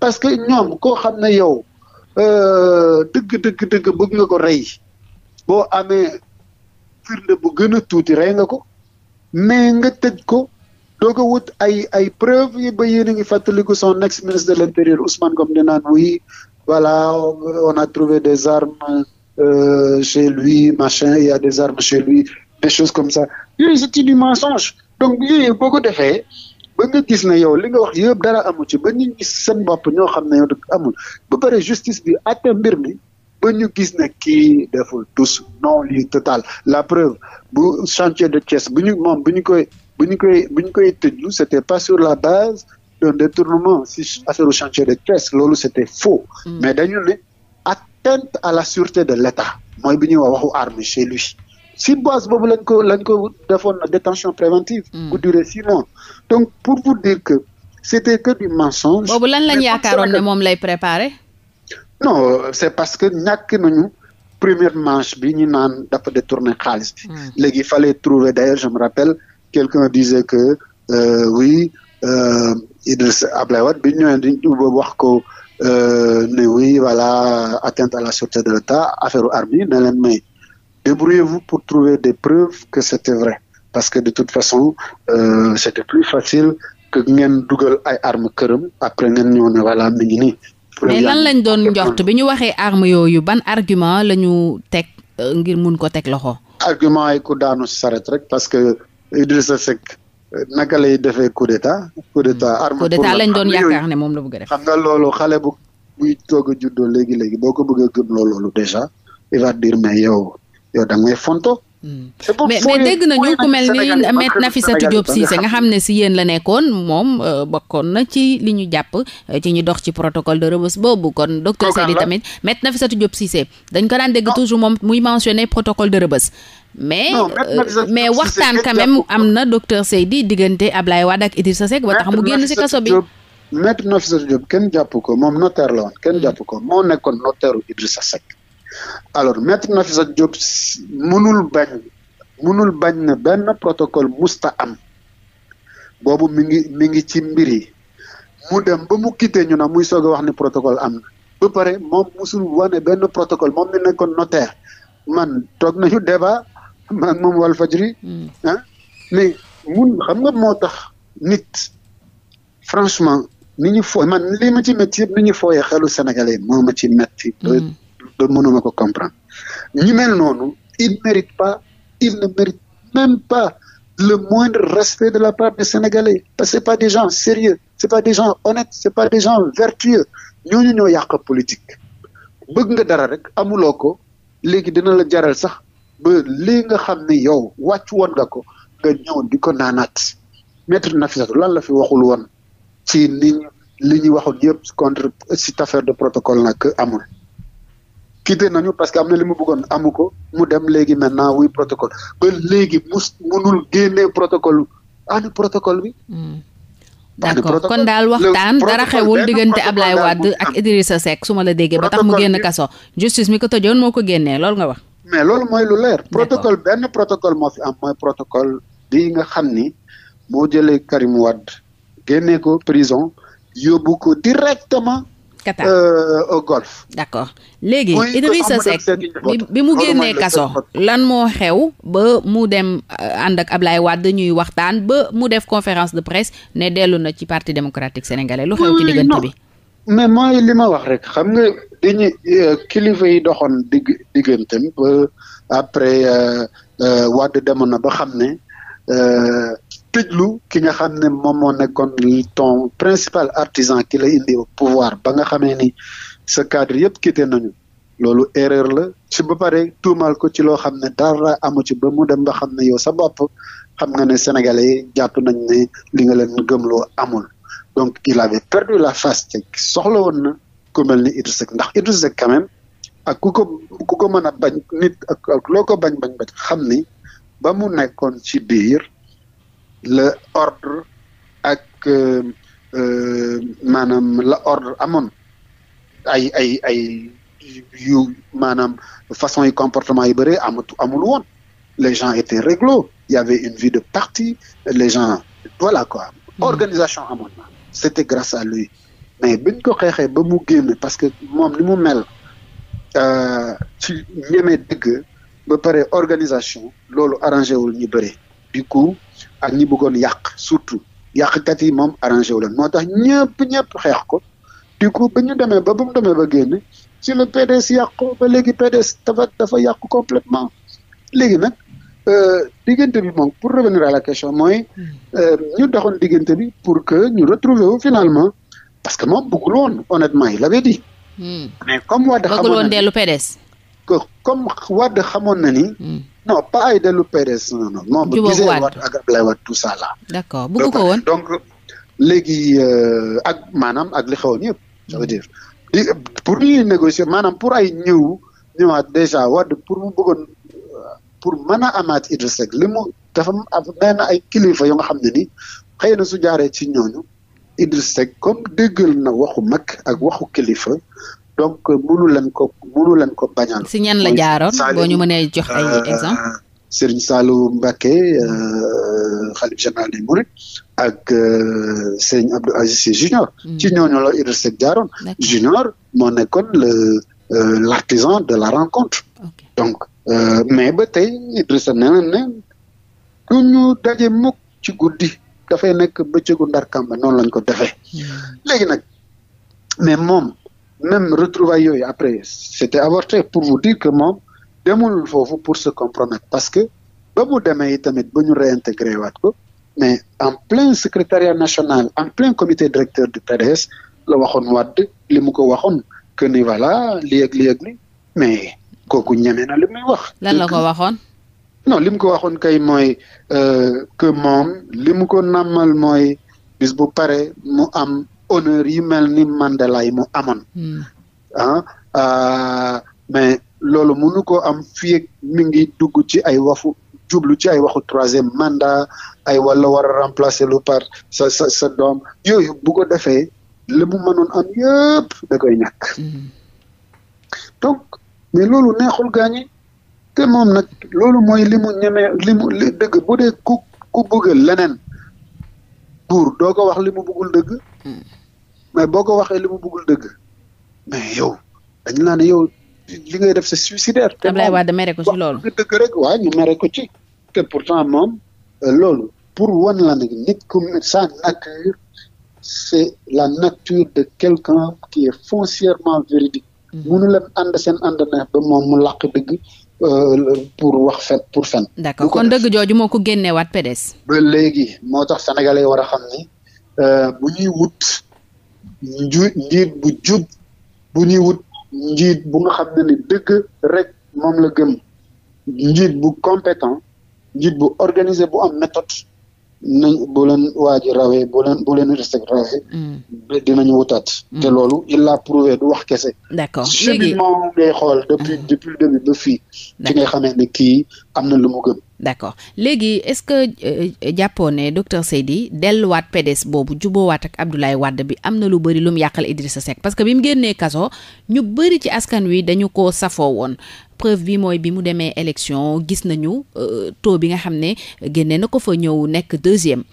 parce que ñoom koo xam ne yow. Euh, dëgg dëgg dëgg bëgg nga ko rey boo amee firnde bu gën a tuuti rey nga ko mais nga tëj ko doog a wut ay ay preuve yi ba yéen a ngi fàttaliku son ex ministre de l' intérieur Ousmane Ngom di naan oui voilà on a trouvé des armes euh, chez lui machin il des armes chez lui des choses comme ça yooyu c'est du mensonge donc yooyu boo ko defee ba nga gis ne yow li nga wax yëpp dara amu ci ba ñu gis seen bopp ñoo xam ne yow amul ba pare justice bi àtte mbir mi ba ñu gis ne kii deful tous non lii total la preuve bu chantier de Thiès bu ñu moom bu ñu koy bu ñu koy bu ñu koy tëjlu c'était pas sur la base d'un détournement si affaire chantier de Thiès loolu c'était faux hmm. mais dañu ne atteinte à la sûreté de l'État mooy bi ñuy wax waxu armée chez si base boobu lañ ko lañ ko defoon na détention préventive. Hmm. bu durée six mois donc pour vous dire que c'était que du mensonge. boobu lan lañ yaakaaroon ne moom lay préparer. non c'est parce que ñàkk nañu première manche bi ñu naan dafa détourner xaalis bi. Hmm. léegi il fallait trouver d'ailleurs je me rappelle quelqu'un disait que euh, oui euh, Idriss Ablaye Wade bi ñëwee di wax ko. Euh, ne oui voilà atteinte à la sûreté de l'État affaire armée ne leen débrouillez-vous pour trouver des preuves que c'était vrai parce que de toute façon euh, c'était plus facile que ngeen dugal ay arme këram après ngeen ñëw ne voilà mais lan lañ doon njort bi ñu waxee arme yooyu ban argument la ñu teg euh, ngir mun ko teg loxo. argument yi ku daanu saret rek parce que Idrissa Seck euh, naka lay defee coup d'état coup d'état hmm. arme coup d'état lañ doon yaakaar ne moom la bëgg a def. xam nga loolu xale bu buy toog a juddoo léegi léegi boo ko bëgg a gëm loolu déjà il yow da ngay fonto. Hmm. mais mais dégg nañu ku mel ni na Nafissatou Diop Cissé nga xam ne si yéen la nekkoon moom euh, bokkoon na ci li ñu jàpp euh, ci ñu dox ci protocole de Rebeuss boobu kon docteur Seydi tamit maître Nafissatou Diop Cissé dañ ko daan dégg toujours moom muy mentionné protocole de mais euh, mais waxtaan quand am na docteur Seydi diggante Ablaye Wade ak Idrissa Seck ba tax mu génn si kaso bi maître Nafissatou Diop kenn jàpp ko moom notaire la woon kenn hmm. jàpp ko moo nekkoon notaire u Idrissa Seck alors maître Nafisa Diop mënul bañ mënul bañ na benn protocole musta am boobu mu ngi mi ngi ci mbir yi mu dem ba mu quitté ñu na muy soog a wax ni protocole am na ba pare moom musul wane benn protocole moom mi nekkoon notaire man toog nañu débat man moom wal fajri hmm. ah, mais mun xam nga moo tax nit franchement ni ñu fooy man lii ma ci métti yëpp ni ñu fooyee xelu sénégalais moo ma ci mett hmm. loolu mënuma ko comprendre ñi mel noonu il mérite pas il ne mérite même pas le moindre respect de la part des Sénégalais parce que c'est pas des gens sérieux c'est pas des gens honnêtes c'est pas des gens vertueux ñooñu ñoo yàq politique bëgg nga dara rek amuloo ko léegi dina la jaral sax ba li nga xam ne yow wàcc won nga ko nga ñëw di ko naanaat maître Nafissatou lan la fi waxul woon ci ni li ñuy waxoon yëpp contre cette affaire de protocole nag amul quitté nañu parce que am na li mu bëggoon amu ko mu dem léegi maintenant wuy protocole ba léegi mus munul génnee protocole ani protocole bi. Hmm. d'accord kon daal waxtaan dara xewul diggante Ablaye Wade ak Idrissa Seck su ma la déggee ba tax mu génn kaso justice mi ko tëjoon moo ko génnee loolu nga wax. mais loolu mooy lu leer. protocole benn protocole moo fi am mooy protocole bi nga xam ni moo jëlee Karim Wade génnee ko prison yóbbu ko directement. Qatar euh, au golf. d' accord léegi Idrissa Seck bi mu génnee kaso lan moo xew ba mu dem euh, ànd ak ab Ablaye Wade ñuy waxtaan ba mu def conférence de presse ne dellu na ci parti démocratique sénégalais lu xew ci diggante bi. mais mooy li ma wax rek xam nga dañuy euh, kilifa yi doxoon digg ba après Wade demoon na ba xam ne. tëjlu ki nga xam ne moom moo nekkoon ton principal artisan ki la indi au pouvoir ba nga xamee ni sa cadre yëpp kiite nañu loolu erreur la si ba pare tuumal ko ci loo xam ne dara amu ci ba mu dem ba xam ne yow sa bopp xam nga ne sénégalais yi nañ ne li nga leen amul donc il avait perdu la face te soxla woon na ku mel ni Idrissa Seck ndax Idrissa Seck quand même ak ku ko ku ko mën a bañ nit ak loo ko bañ bañ bañ xam ni ba mu nekkoon ci biir la ordre ak euh, euh, maanaam la ordre amoon ay ay ay yu maanaam façon yi comportement yi bëri amatu amul woon les gens étaient réglo il y avait une vie de parti les gens voilà quoi hmm. organisation amoon na c'était grâce à lui mais biñ ko xeexee ba mu génn parce que moom li mu mel euh, ci ñemee dëgg ba pare organisation loolu arrangé wul ñu bëri du coup a ñi bëggoon yàq surtout yàqkat yi moom arrangé wu leen moo tax ñëpp ñëpp xeex ko du coup ba ñu demee ba bu mu demee ba génn si le PDS yàqu ba léegi PDS dafa dafa yàqu complètement léegi nag euh, diggante bi moom pour revenir à la question mooy hmm. euh, ñu doxoon diggante bi pour que ñu retrouver wu finalement parce que moom bëggul woon honnêtement il avait dit hmm. mais comme Wade xamoon na ni bëggul woon ni non pas ay dellu PDS non non. moom bu gisee Wade ak Ablaye Wade tout ça là. d'accord ko woon donc léegi euh, ak maanaam ak li xewoon yëpp. ça veut dire pour ñuy négocier maanaam pour ay ñëw ñëwaat déjà Wade pour mu bëggoon euh, pour mën a amaat Idrissa Seck li tafa dafa ay kilifa yu nga xam ne ni xëy na su jaaree ci ñooñu Idrissa Seck comme déggal na waxu mag ak waxu kilifa donc mënu leen ko mënu leen ko bañal. si ñan la jaaroon boo ñu mënee jox ay euh, exemple Serigne Saliou Mbacké xalif euh, général des Mourides ak euh, Serigne Abdou Aziz Sy Junior. Hmm. ci ñooñu la Idrissa Seck jaaroon. Junior moo nekkoon le l' artisan de la rencontre. donc euh, mais ba tey Idrissa nee na ne ñu daje mukk ci guddi dafay nekk bëccëgu ndar kàmba noonu lañ ko defee. Hmm. léegi nag mais moom. même retrouvailles yooyu après c'était avorté pour vous dire que moom demul foofu pour se compromettre parce que ba mu demee yi tamit ba ñu réintégré waat ko mais en plein secrétariat national en plein comité directeur du PDS la waxoon Wade li mu ko waxoon que ni voilà lii ak lii mais kooku ñeme na li muy wax. lan ko waxoon. non li mu ko waxoon kay mooy euh, que moom li mu ko nàmmal mooy bis pare mu am honneur yi mel ni Mandela yi mu amoon hmm. ah, ah mais loolu mënu ko am fii ak mi ngi dugg ci ay waxu jublu ci ay waxu troisième manda ay wala war a remplacer lu par sa sa sa doom yooyu bu ko defee li mu mënoon am hmm. donc mais loolu neexul gaañi te moom nag loolu mooy li mu ñemee dëgg bu dee ku ku bëgg leneen buur doo ko wax li mu dëgg hmm. mais boo ko waxee li mu bëggul dëgg mais yow dañu naan yow li ngay def c'est suicidaire. te Ablaye Wade mere ko ci loolu dëgg rek waaye ñu mere ko ci. te pourtant moom euh, loolu pour wan la nag nit ku sa nature c'est la nature de quelqu'un qui est foncièrement véridique. mënu mhm. leen ànd seen ànd neex ba moom mu làq dëgg. Euh, pour wax fen pour fen. d'accord kon dëgg jooju moo ko génneewaat PDS. ba léegi moo tax sénégalais yi war a xam ni euh, bu ñuy wut nju njiit bu jub bu ñuy njiit bu nga xam ne ni dëgg rek moom la gëm njiit bu compétent njiit bu organiser bu am méthode nañ bu leen waa ji rawee bu leen bu leen respect rawee mm. dinañu wutaat mm. te loolu il l'a du wax kese d'accord cheminement ngay depuis mm. depuis ba fii ci nga xamee kii am na lu mu gëm. d'accord léegi est-ce que euh, jàppoo ne docteur Seydi delluwaat PDS boobu juboowaat ak Abdoulaye Wade bi am na lu bëri lu mu yàqal Idrissa Seck parce que bi mu génnee kaso ñu bëri ci askan wi dañu ko safoo woon preuve bi mooy bi mu demee élection gis nañu euh, taux bi nga xam ne génnee na ko fa ñëw nekk deuxième.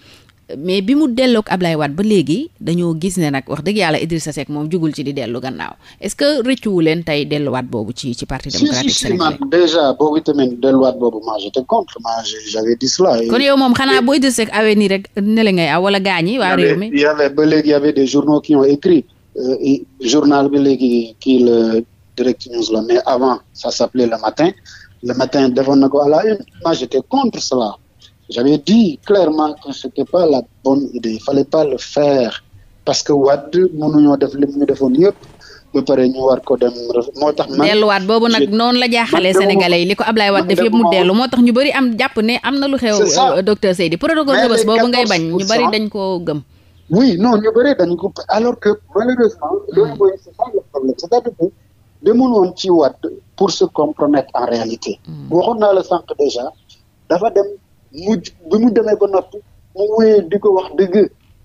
mais bi mu delloog Ablaye waat ba léegi dañoo gis ne nag wax dëgg yàlla sa Seck moom jugul ci di dellu gannaaw est-ce que rëccuwu leen tey delluwaat boobu ci ci parti démocratique sénégalais déjà boobu tamit delluwaat maa j'étais contre maa cela kon yow moom xanaa boo Idrissa Seck awee nii rek ne la ngay aw wala gaañi waa réew mi y avait ba léegi y avait des journaux qui ont écrit euh, journal léegi kii la direct news la mais avant ça s'appelait le matin defoon na ko à la une contre cela J'avais dit clairement que ce n'était pas la bonne le faire. parce que Wade mënuñoo def ñu defoon yëpp ba pare ñu war ko dem moo tax. man waat boobu nag noonu la jaaxalee sénégalais li ko Ablaye Wade def yëpp mu dellu moo tax ñu bari am jàpp ne am na lu xew. Euh, docteur Seydi protocole Rebeuss boobu ngay bañ ñu bëri dañ koo gëm. oui non ñu bëri dañ ko alors que malheureusement. loolu hmm. mooy c'est ça woon ci Wade pour se compromettre en réalité. Hmm. waxoon naa la sànq déjà dafa dem mu bi mu demee ba noppi mu wéyee di ko wax dëgg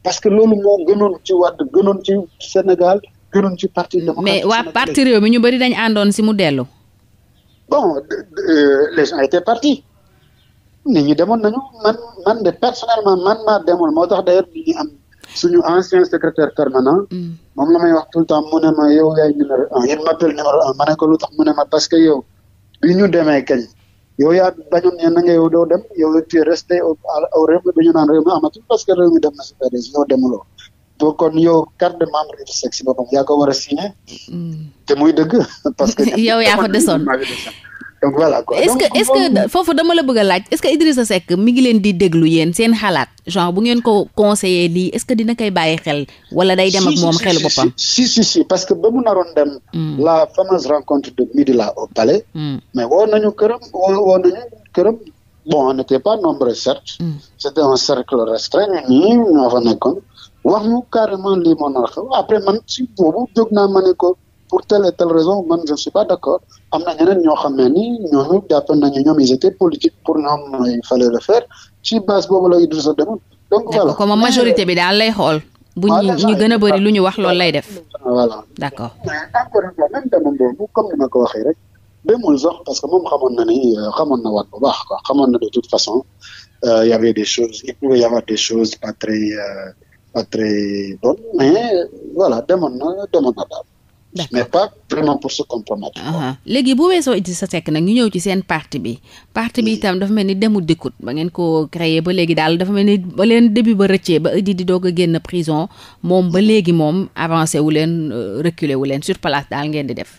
parce que loolu moo gënoon ci Wade gënoon ci Sénégal gënoon ci parti démocratique mais waa parti réew mi ñu bëri dañ àndoon si mu dellu. bon euh, les gens parti partis nit ñi demoon nañu man man de personnellement man maa demoon moo tax d'ailleurs bi ñu am suñu ancien secrétaire permanent. Mm. moom la may wax tout le temps mu ne ma yow yaay numéro un il m'appelle numéro un ma ne lu tax mu ne ma parce que yow bi ñu demee kañ. yow yaa bañoon ne na nga yow doo dem yow tu es resté au réew mi ba ñu naan réew que de membre du sexe boppam yaa ko war a signé. Mm. te muy dëgg parce que. yow yaa fa desoon donc voilà quoi. est-ce que foofu dama la bëgg laaj est-ce que Idrissa Seck mi ngi leen di déglu yéen seen xalaat genre bu ngeen ko conseiller lii est-ce que dina koy bàyyi xel wala day dem ak moom xelu boppam. si si si parce que ba mu naroon dem. Hmm. la fameuse rencontre de midi là au hmm. mais woo nañu këram woo nañu këram. bon on n'était pas nombreux certes. Hmm. c'était un cercle restreint ñun ñoo fa nekkoon man si boobu jóg naa ma ko. pour telle et telle raison man je ne suis pas d'accord am na ñeneen ñoo xam ne ni ñooñu jàpp nañu ñoom ils étaient politiques pour ñoom il fallait le faire ci base boobu la Idrissa demoon donc daal lay xool bu ñu ñu a bëri lu ñu wax loolu lay def voilà d'accord encore une fois comme ni ma ko waxee rek demul sax parce que moom xamoon na ni euh, xamoon na waat bu baax quoi xamoon na de toute façon euh, y avait des choses il pouvait y avoir des choses pas très euh, pas très euh, na demoon na daal mais pas vraiment pour se compromettre. léegi bu weesoo nag ñu ñëw ci seen parti bi parti bi itam dafa mel ni demul dikkut ba ngeen ko créé ba léegi daal dafa mel ni ba leen début ba rëccee ba di di doog génn prison moom ba léegi moom avancé wu leen euh, reculé wu leen sur place daal ngeen di def.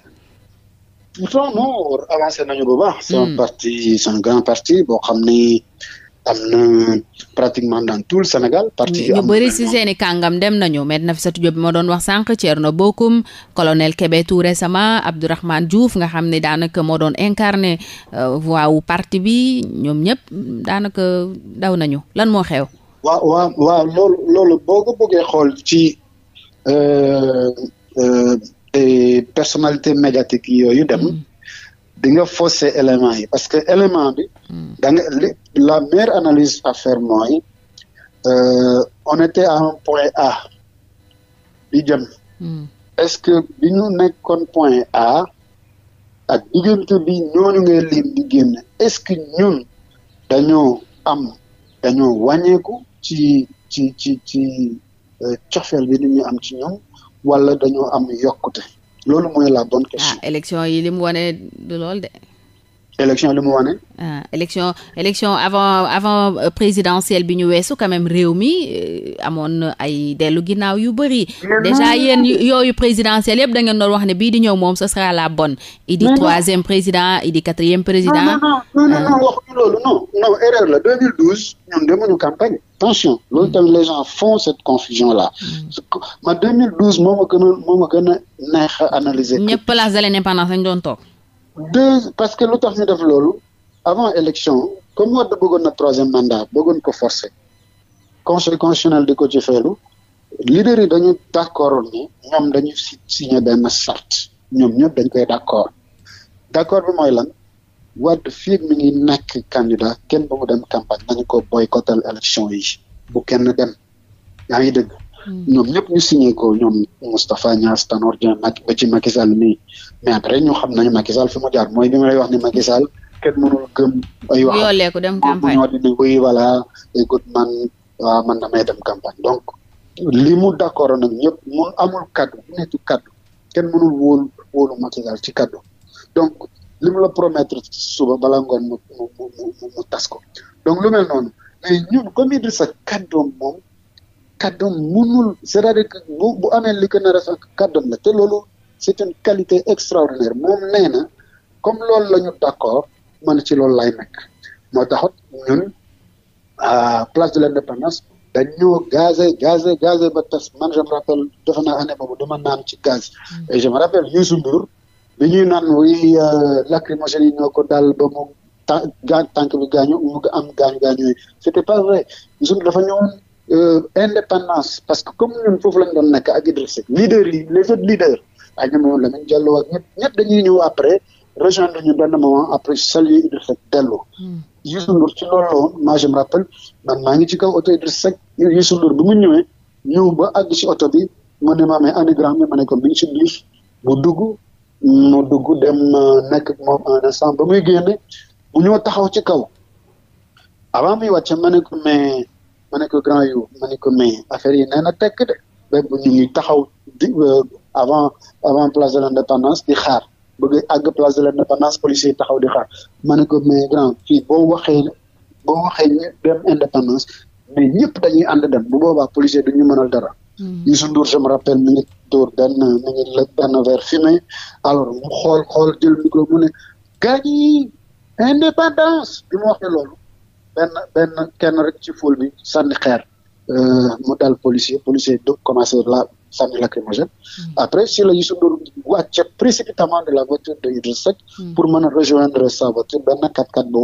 pourtant non avancé nañu bu baax. c'est hmm. un parti grand parti boo xam ni. am pratiquement dans tout le Sénégal. ñu bëri si seeni kàngam dem nañu Me Nafissatou Diop bi moo doon wax sànq Thierno Bocoum colonel Kébé tout récemment Abdourahmane Diouf nga xam ne daanaka moo doon incarné euh, voix wu parti bi ñoom ñëpp daanaka daw nañu lan moo xew. waaw waaw waaw loolu loolu boo ko bëggee xool ci. Euh, euh, personnalité médiatique yooyu dem mm. di nga fausser élément yi parce que élément bi. Hmm. da nga la meilleure analyse à faire mooy euh, on était à un point A di jëm. Hmm. est-ce que bi ñu nekkoon point A ak diggante bi ñooñu ngay lim di génn est-ce que ñun dañoo am dañoo wàññeeku ci ci ci ci euh, cofeel bi ni ñu am ci ñoom wala dañoo am yokkute. loolu mooy la bonne ah, question. ah élection yi li mu wane du lool de. élection lu mu wane. Ah, élection élection avant avant euh, présidentielle bi ñu weesu quand réew mi euh, amoon ay dellu ginnaaw yu bëri. déjà yéen yooyu présidentielle yëpp dangeen ngeen wax ne bii di ñëw moom ce sera la bonne. idi troisième président idi quatrième président. non non non ah. waxuñu loolu non non erreur la 2012 loolu mm. tamit les gens font cette confusion là. Mm. ma 2012 a gën a neex a analyser. ñëpp place de l'indépendance lañ doon parce que lu tax ñu def loolu avant élection comme Wade bëggoon na troisième mandat bëggoon ko forcé conseil constitutionnel di ko ci feelu leader yi dañu d'accord ni ñoom dañu si signé benn charte ñoom ñëpp dañ koy d'accord d'accord bi mooy lan Wade fii mi ngi nekk candidat kenn ba mu dem campagne nañu ko boycottal élection yi bu kenn dem yaa ngi dëgg hmm. ñoom ñëpp ñu signé ñoom Moustapha Niass Tanor Dieng ba mais après ñu xam nañu Macky Sall fi ma jaar mooy bi ma lay wax ne Macky Sall kenn mënul gëm ay wax yooleeku dem campagne ñoo dina wuy man waaw man damay dem campagne donc li mu d'accord nag ñëpp mun amul kaddu bu nekk kaddu kenn mënul ci kaddu donc li mu la promettre suba bala ngoon mu mu ko donc lu mel noonu mais ñun comme Idrissa kaddoom moom kaddoom munul c'est-à-dire que bu bu amee li gën a la te loolu c'est une qualité extraordinaire moom nee na comme loolu lañu ñu d'accord man ci lool lay nekk moo taxot ñun à place de l'indépendance dañoo gazé gazé gazé ba tas man je me rappelle defe naa année boobu dama naan ci gaz mm. et je me rappelle Youssou naan wuy euh, lacrymogène yi daal ba mu gaa tànk bi gaañu mu am gaañu gaañu yi pas vrai Youssou Ndour dafa ñëwoon euh, indépendance parce que comme ñun foofu lañ doon nekk ak Idriss leader les autres leaders a ñoom moom Lamine Diallo ak ñëpp ñëpp dañuy ñëw après ñu benn moment après saluer Idrissa Seck dellu. Hmm. Youssou Ndour ci loolu la woon moi je me rappelle maa ngi ci kaw oto Idrissa Seck Youssou Ndour bu mu ñëwee ñëw ba àgg ci bi mu ne ma mais Andy Dramé ma mi ngi ci biir mu dugg mu dugg dem euh, nekk moom en instant ba muy génne mu ñëw taxaw ci kaw avant muy wàcce ma ne mais ma ne grand yu ma ne ko mais affaire yi nee tekk de bépp ñu ngi taxaw di euh, avant avant place de l'indépendance di xaar bëgg àgg place de l'indépendance policier taxaw di xaar ma ne ko mais grand fii boo waxee boo waxee ñu dem indépendance mais ñëpp dañuy ànd dem bu boobaa policier du ñu mënal dara. Hmm. Youssou Ndour je me rappelle mi ngi dóor benn mi ngi lëkk benn verre fumé alors mu xool xool jël micro mu ne gaañi indépendance bi mu waxee loolu benn benn kenn ci foule bi xeer euh, mu dal policier policier du commencé la sànni lacrymogène hmm. après si la Youssou Ndour wàcce précipitamment de la voiture de Idrissa Seck hmm. pour mën a rejoindre sa voiture benn 4x4 bu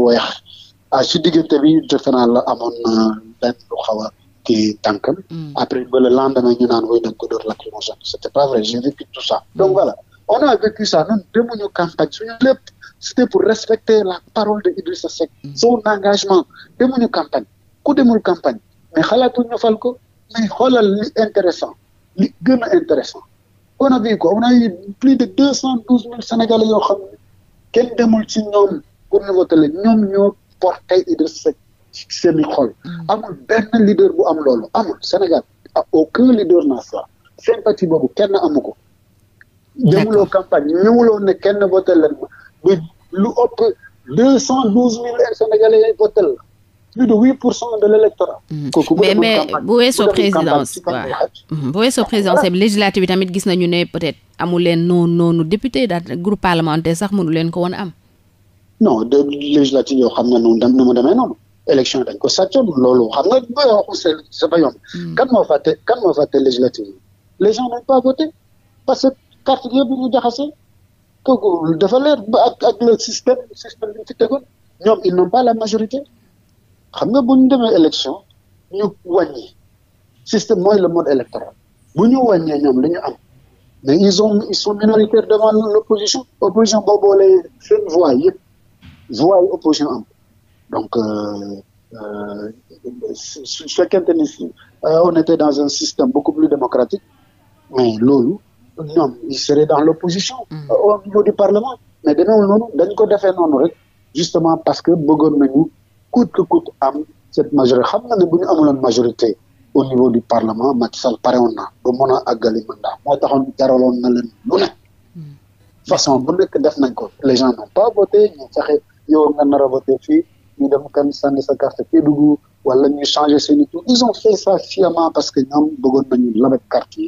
ah, si diggante bi defe la amoon na euh, benn lu xaw a kii hmm. après ba le ñu naan woy dañ ko dóor lacrymogène c'était pas vrai j'ai vécu tout ça donc voilà on a vécu ça ñun demuñu campagne suñu lépp c'était pour respecter la parole de Idrissa Seck son engagement demuñu campagne ku demul campagne mais xalaatuñu fal ko mais xoolal li li gën a intéressant on a vu quoi a plus de deux cent douze mille sénégalais yoo xam ne kenn demul ci ñoom pour ñu voté leen ñoom ñoo porté Idrissa Seck seen i xol. Mm. amul benn leader bu am loolu amul Sénégal ah, aucun leader n'a ça sympathie boobu kenn amu demuloo campagne ñëwuloo ne kenn voté leen lu ëpp deux cent douze mille sénégalais voté la. plus de huit pour cent de l'électorat mm. kooku mais mais mm-hmm. bu weesoo présidence waaw bu présidence bi législative tamit gis nañu ne peut-être amu leen noonu noonu député daal groupe parlementaire sax mënu leen ko woon am non de législative yoo xam ne noonu dem nu mu demee noonu élection dañ ko sàccoon loolu xam nga boo waxu c'est pas yomb mm. kan moo fàtte kan moo fàtte législative les gens pas voté parce que carte yëpp ñu jaxase kooku dafa leer ba ak ak le système système bi fi tegoon ñoom ils xam nga bu ñu demee élection ñu wàññi système mooy le mode électoral bu ñu wàññee ñoom li ñu am mais ils ont ils sont minoritaires devant l'opposition opposition boo boolee seen voix yëpp voix yi opposition am donc euh, euh, su fekkente ni euh, on était dans un système beaucoup plus démocratique mais loolu ñoom ils seraient dans l'opposition mm. au niveau du parlement mais demeewul noonu dañ ko defee noonu rek justement parce que bëggoon nañu coûte que coûte am cette majorité xam na ne bu ñu amuloon majorité au niveau du parlement Macky Sall parewoon na ba mën a àggali mandat moo taxoon jaraloon na leen lu ne hmm. façon bu nekk def nañ ko les gens n'ont pas voté ñu fexe yow nga nar a voté fii ñu dem kan sànni sa carte Kédougou wala ñu changé seen i tur ils ont fait ça sciemment parce que ñoom bëggoon nañu labet carte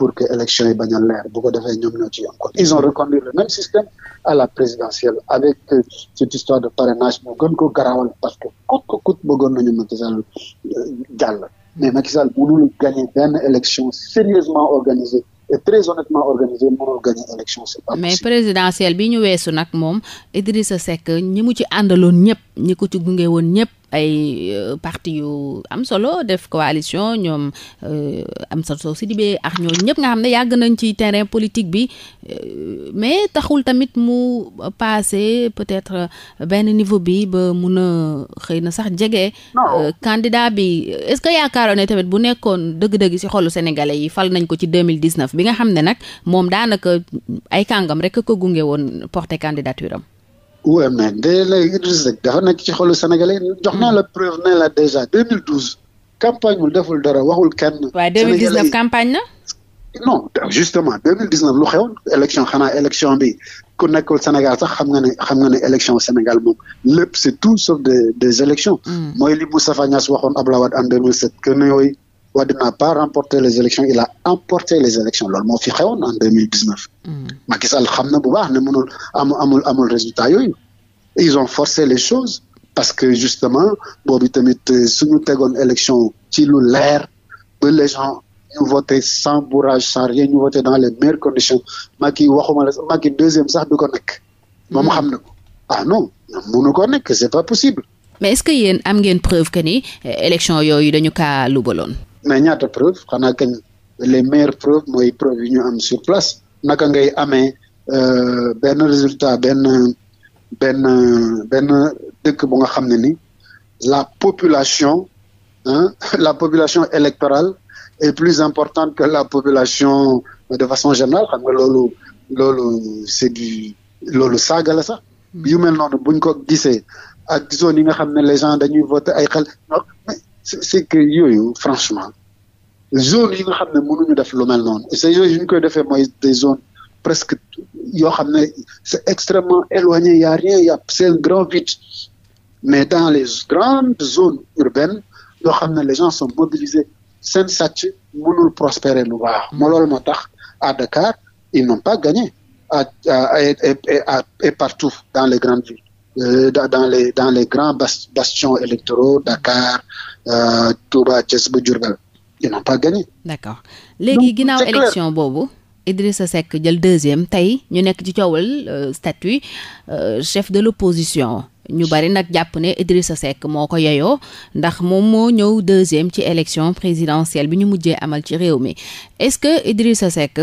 pour que élection yi bañ a leer defee ñoom ñoo ci am kon ils ont reconduit le même système à la présidentielle avec euh, cette histoire de parrainage moo gën ko garawal parce que coûte que coûte bëggoon nañu Macky Sall euh, jàll mais Macky Sall mënul gagner benn élection sérieusement organisée et très honnêtement organisé mënul gagner élection c'est pas mais présidentielle bi ñu weesu nag moom Idrissa Seck ñi mu ci àndaloon ay euh, parti yu am solo def coalition ñoom am euh, Amsatou Sow Sidibé ak ñooñu ñëpp nga xam ne yàgg nañ ci terrain politique bi euh, mais taxul tamit mu passé peut-être benn niveau bi ba mun a xëy na sax jege. candidat bi est-ce que yaakaaroon ne tamit bu nekkoon dëgg-dëgg ci xolu sénégalais yi fal nañ ko ci 2019 bi nga xam ne nag moom daanaka ay kàngam rek ko gunge woon porté candidature am. oui mais dès léegi Idrissa Seck dafa nekk ci xolu sénégalais jox naa la preuve ne la déjà 2012 campagne wul deful dara waxul kenn. waaye 2019 campagne na. non justement 2019 lu xew élection xanaa élection bi ku nekkul Sénégal sax xam nga ne xam nga ne élection Sénégal moom lépp c'est tout sauf des des élections. Mm. mooy li Moustapha Niass waxoon Abdoulaye Wade en 2007 que ne yooyu Wade n'a pas remporté les élections il a emporté les élections loolu moo fi xewoon en deux mille dix neuf. Hmm. Macky xam na bu baax ne mënul amul amul amul résultat yooyu. ils ont forcé les choses parce que justement boobu tamit euh, suñu tegoon élection ci lu leer ba les gens voté sans bourrage sans rien ñu voté dans les meilleures conditions Macky waxuma la Macky deuxième sax du ko nekk. moom hmm. xam na ko ah non mënu ko nekk c'est pas possible. mais est-ce que yéen am ngeen preuve que ni euh, élection yooyu dañu kaa lubaloon. mais ñaata preuve xanaa kañ les meilleures preuves mooy preuve yu ñu am sur place naka ngay amee euh, benn résultat benn benn benn dëkk bu nga xam ne ni la population hein, la population électorale est plus importante que la population de façon générale xam nga loolu loolu c'est du loolu saaga la sax hmm. yu mel noonu buñ ko gisee ak zone yi nga xam ne les gens dañuy voter ay xel c'est que yooyu franchement zone yi nga xam ne mënuñu def lu mel noon c'est yooyu ñu koy defee mooy des zones presque yoo xam ne c'est extrêmement éloigné y a rien y a c'est un grand vide mais dans les grandes zones urbaines yoo xam ne les gens sont mobilisés seen sàcc mënul prospérer lu baax mm. moo moo tax à Dakar ils n'ont pas gagné à et et partout dans les grandes villes euh, dans les dans les grands bastions électoraux Dakar Euh, Touba Thiès léegi ginnaaw élection boobu. Idrissa Seck jël deuxième tey ñu nekk ci coowal euh, statut euh, chef de l'opposition ñu bari nag jàpp ne Idrissa Seck moo ko yeyoo ndax moom moo ñëw deuxième ci élection présidentielle bi ñu mujjee amal ci réew mi est-ce que Idrissa Seck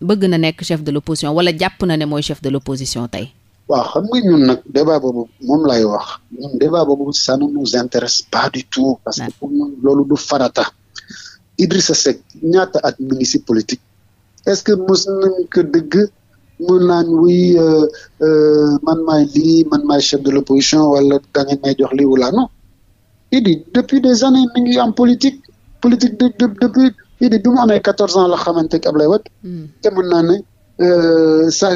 bëgg na nekk chef de l'opposition wala jàpp na ne mooy chef de l'opposition tey. waaw xam nga ñun nag débat boobu moom lay wax ñun débat boobu ça ne nous intéresse pas du tout parce que pour ñun loolu du farata Idrissa ñaata at mi ngi si politique est-ce que mos nañ ko dëgg mu naan wuy euh, euh, man maay lii man maay chef de l'opposition wala da ngeen may jox lii wala non Idi depuis des années mi ngi politique politique de depuis Idi du mu amee quatorze ans la xamante ak Ablaye Wade mm. te mun naa euh, sa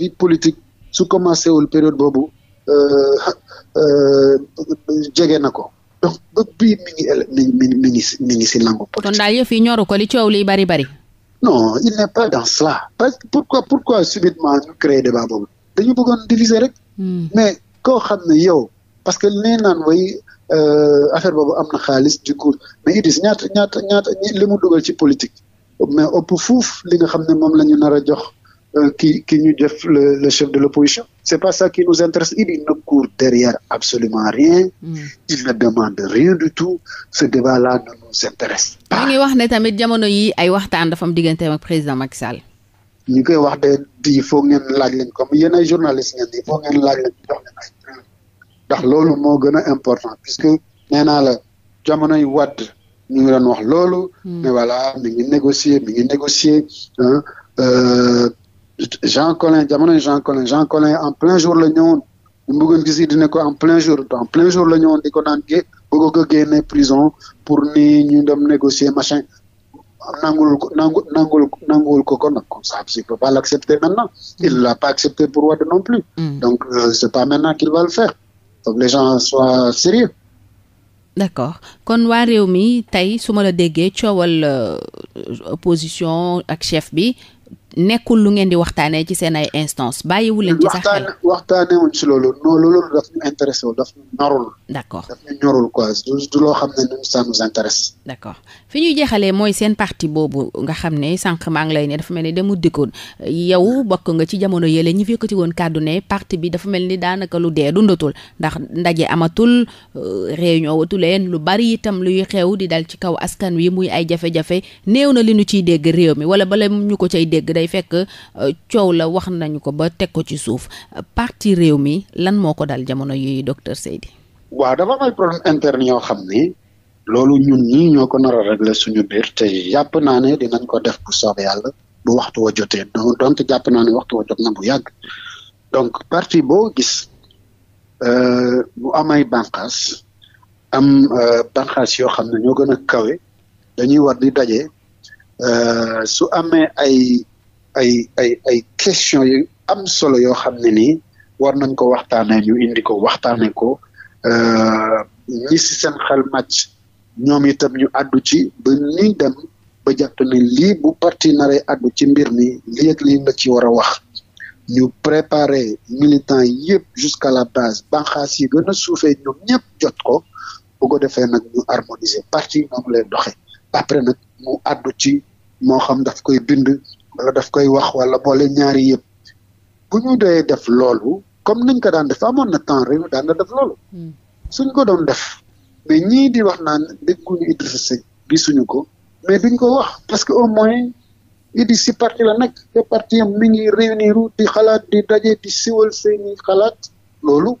vie politique su commencé wul période boobu euh, euh, jege na ko donc ba bii mi ngi mi mi ngi si mi ngi si langue politique. ñoru ko li coow liy bari bari. non il n'est pas dans cela parce que pourquoi pourquoi subitement ñu créer boobu dañu bëggoon diviser rek. Hmm. mais koo xam ne yow parce que nee naan way euh, affaire boobu am na xaalis du coup mais Idriss ñaata ñaata ñaata li mu dugal ci politique mais ëpp fuuf li nga xam ne moom la ñu nar a jox. ki ki ñu def le le chef de l'opposition c'est pas ça qui nous intéresse il ne court derrière absolument rien mm. il ne demande rien du tout ce débat là ne nous intéresse pas ngi wax ne tamit jamono yi ay waxtaan dafa am digganteem ak président Macky Sall ñu koy wax de di foog laaj leen comme yéen ay journaliste ngeen di foog laaj leen ndax loolu moo gën a important puisque nee naa la jamono yi wàdd ñu ngi doon wax loolu hmm. mais voilà mi ngi négocier mi ngi négocier euh, Jean Collin jamonoy Jean Collin Jean en plein jour la ñëwoon ñu bëggoon gis dina en plein jour en plein jour la ñëwoon di ko naan gé bëgg ko prison pour ni ñu dem négocier machin nanguwul ko nangu nanguwul nanguwul ko kon nag comme ça il peut pas l'accepter maintenant il l'a pas accepté pour Wade non plus mm. donc euh, c'est pas maintenant qu'il va le faire les gens soient sérieux d'accord kon waa mi tey su ma la déggee coowal euh, opposition ak chef bi nekkul lu ngeen di waxtaanee ci seen ay instance bàyyiwu leen ci sax xel waxtaanewuñ si loolu loolu daf ñu intéressé wul daf ñu ñorul d'accord du loo xam ne ñun ça nous intéresse d'accord fi ñuy jeexalee mooy seen parti boobu nga xam ne sànq maa ngi lay ne dafa mel ni mu dikkoon yow bokk nga ci jamono yële ñi fi ko ci woon kàddu ne parti bi dafa mel ni daanaka lu dee dundatul ndax ndaje amatul euh, réunion watuleen lu bari itam luy xew di dal ci kaw askan wi muy ay jafe néew na li ñu ciy dégg réew mi wala bala ñu ko cay dégg day fekk euh, coow la wax nañu ko ba teg ko ci suuf parti réew mi lan moo ko daal jamono yi docteur Seydi waaw dafa am ay problème interne yoo xam ne loolu ñun ñii ñoo ko nar a suñu biir te jàpp naa ne dinañ ko def bu soobee yàlla bu waxtu wa jotee donte jàpp naa ne waxtu wa jot na bu yàgg donc parti boo gis bu euh, am ay bànqaas am euh, bànqaas yoo xam ne ñoo gën a kawe dañuy war di daje su amee ay ay ay ay question yu am solo yoo xam ne nii war nañ ko waxtaanee ñu indi ko waxtaanee ko euh, ñi si seen xel màcc ñoom itam ñu àddu ci ba ñuy dem ba jàpp ne lii bu parti naree àddu ci mbir mi lii ak lii la ci war a wax ñu préparer militant yëpp jusqu'à la base banqaas yi gën suufee ñoom ñëpp jot ko bu ko defee nag ñu harmoniser parti yi noonu lay doxee après nag mu àddu ci moo xam daf koy bind wala daf koy wax wala boole ñaari yëpp bu ñu dee def loolu comme niñ ko daan def moon na temps réew daan na def loolu hmm. suñ ko doon def mais ñii di wax naan dégguñu Idrissa Seck gisuñu ko mais duñ ko wax parce que au moins idi si parti la nekk te parti am mi ngi réunir di xalaat di daje di siwal seeni xalaat loolu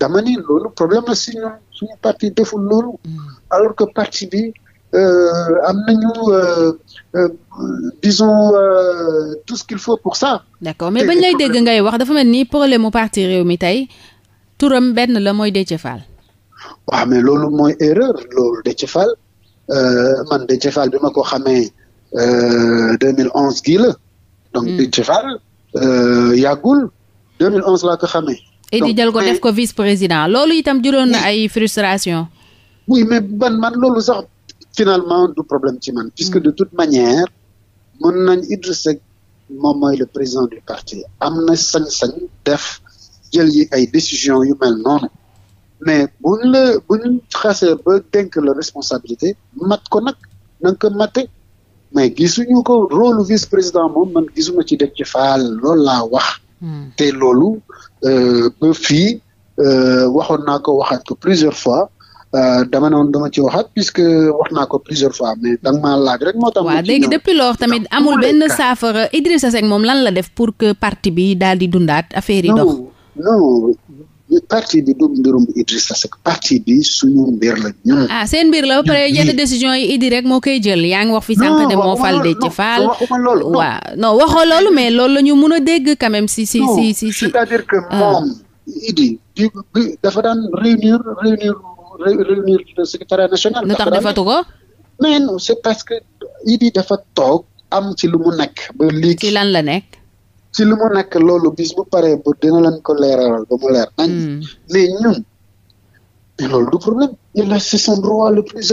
dama ni loolu problème la si suñu parti deful loolu hmm. alors que parti bi Euh, am nañu euh, euh, disons tout ce qu'il faut pour ça. d'accord mais bañ lay dégg ngay wax dafa mel ni problème mu parti réew mi tey turam benn la mooy Déthié Fall. waaw mais loolu mooy erreur loolu Déthié Fall man Déthié bi ma ko xamee 2011 gii la. donc hmm. Déthié Fall yàggul 2011 laa ko xamee. donc Idy Diallo def ko vice président loolu itam juróon na ay frustration oui mais ban man loolu sax. finalement du problème ci man puisque mm. de toute manière mën nañ Idrissa Seck moom mooy le président du parti am na sañ-sañ def jël yi ay décision yu mel noonu mais buñ la buñ xasee ba dénk la responsabilité mat ko nag na nga ko mate mais gisuñu ko loolu vice président moom man gisuma ci def ci faal loolu laa wax mm. te loolu euh, ba fii euh, waxoon naa ko waxaat ko plusieurs fois Euh, dama noonu dama ci waxaat que wax naa ko plusieurs fois mais danga maa laaj rek moo tax. waaw léegi depuis loor tamit amul benn saafara Idrissa Seck moom lan la def pour que parti bi daal di dundaat affaire yi dox. non parti bi du mbirum Idrissa Seck suñu mbir la ñun. ah seen mbir la ba pare yenn décision yi Idi rek moo koy jël yaa ngi wax fi sànq ne moo fal de ci faal waaw non waxoo loolu mais loolu lañu ñu mun a dégg quand même si si si si. cest ah. dafa daan réunir réunir. réunir le secrétariat national. tax defatu ko. mais c'est parce que Idy dafa toog am ci lumu mu nekk ba léegi. ci lan la nekk. ci lu mu nekk loolu bis bu paree bu dina leen ko leeralal ba mu leer. nañ hmm. mais ñun. mais loolu du problème il a c'est son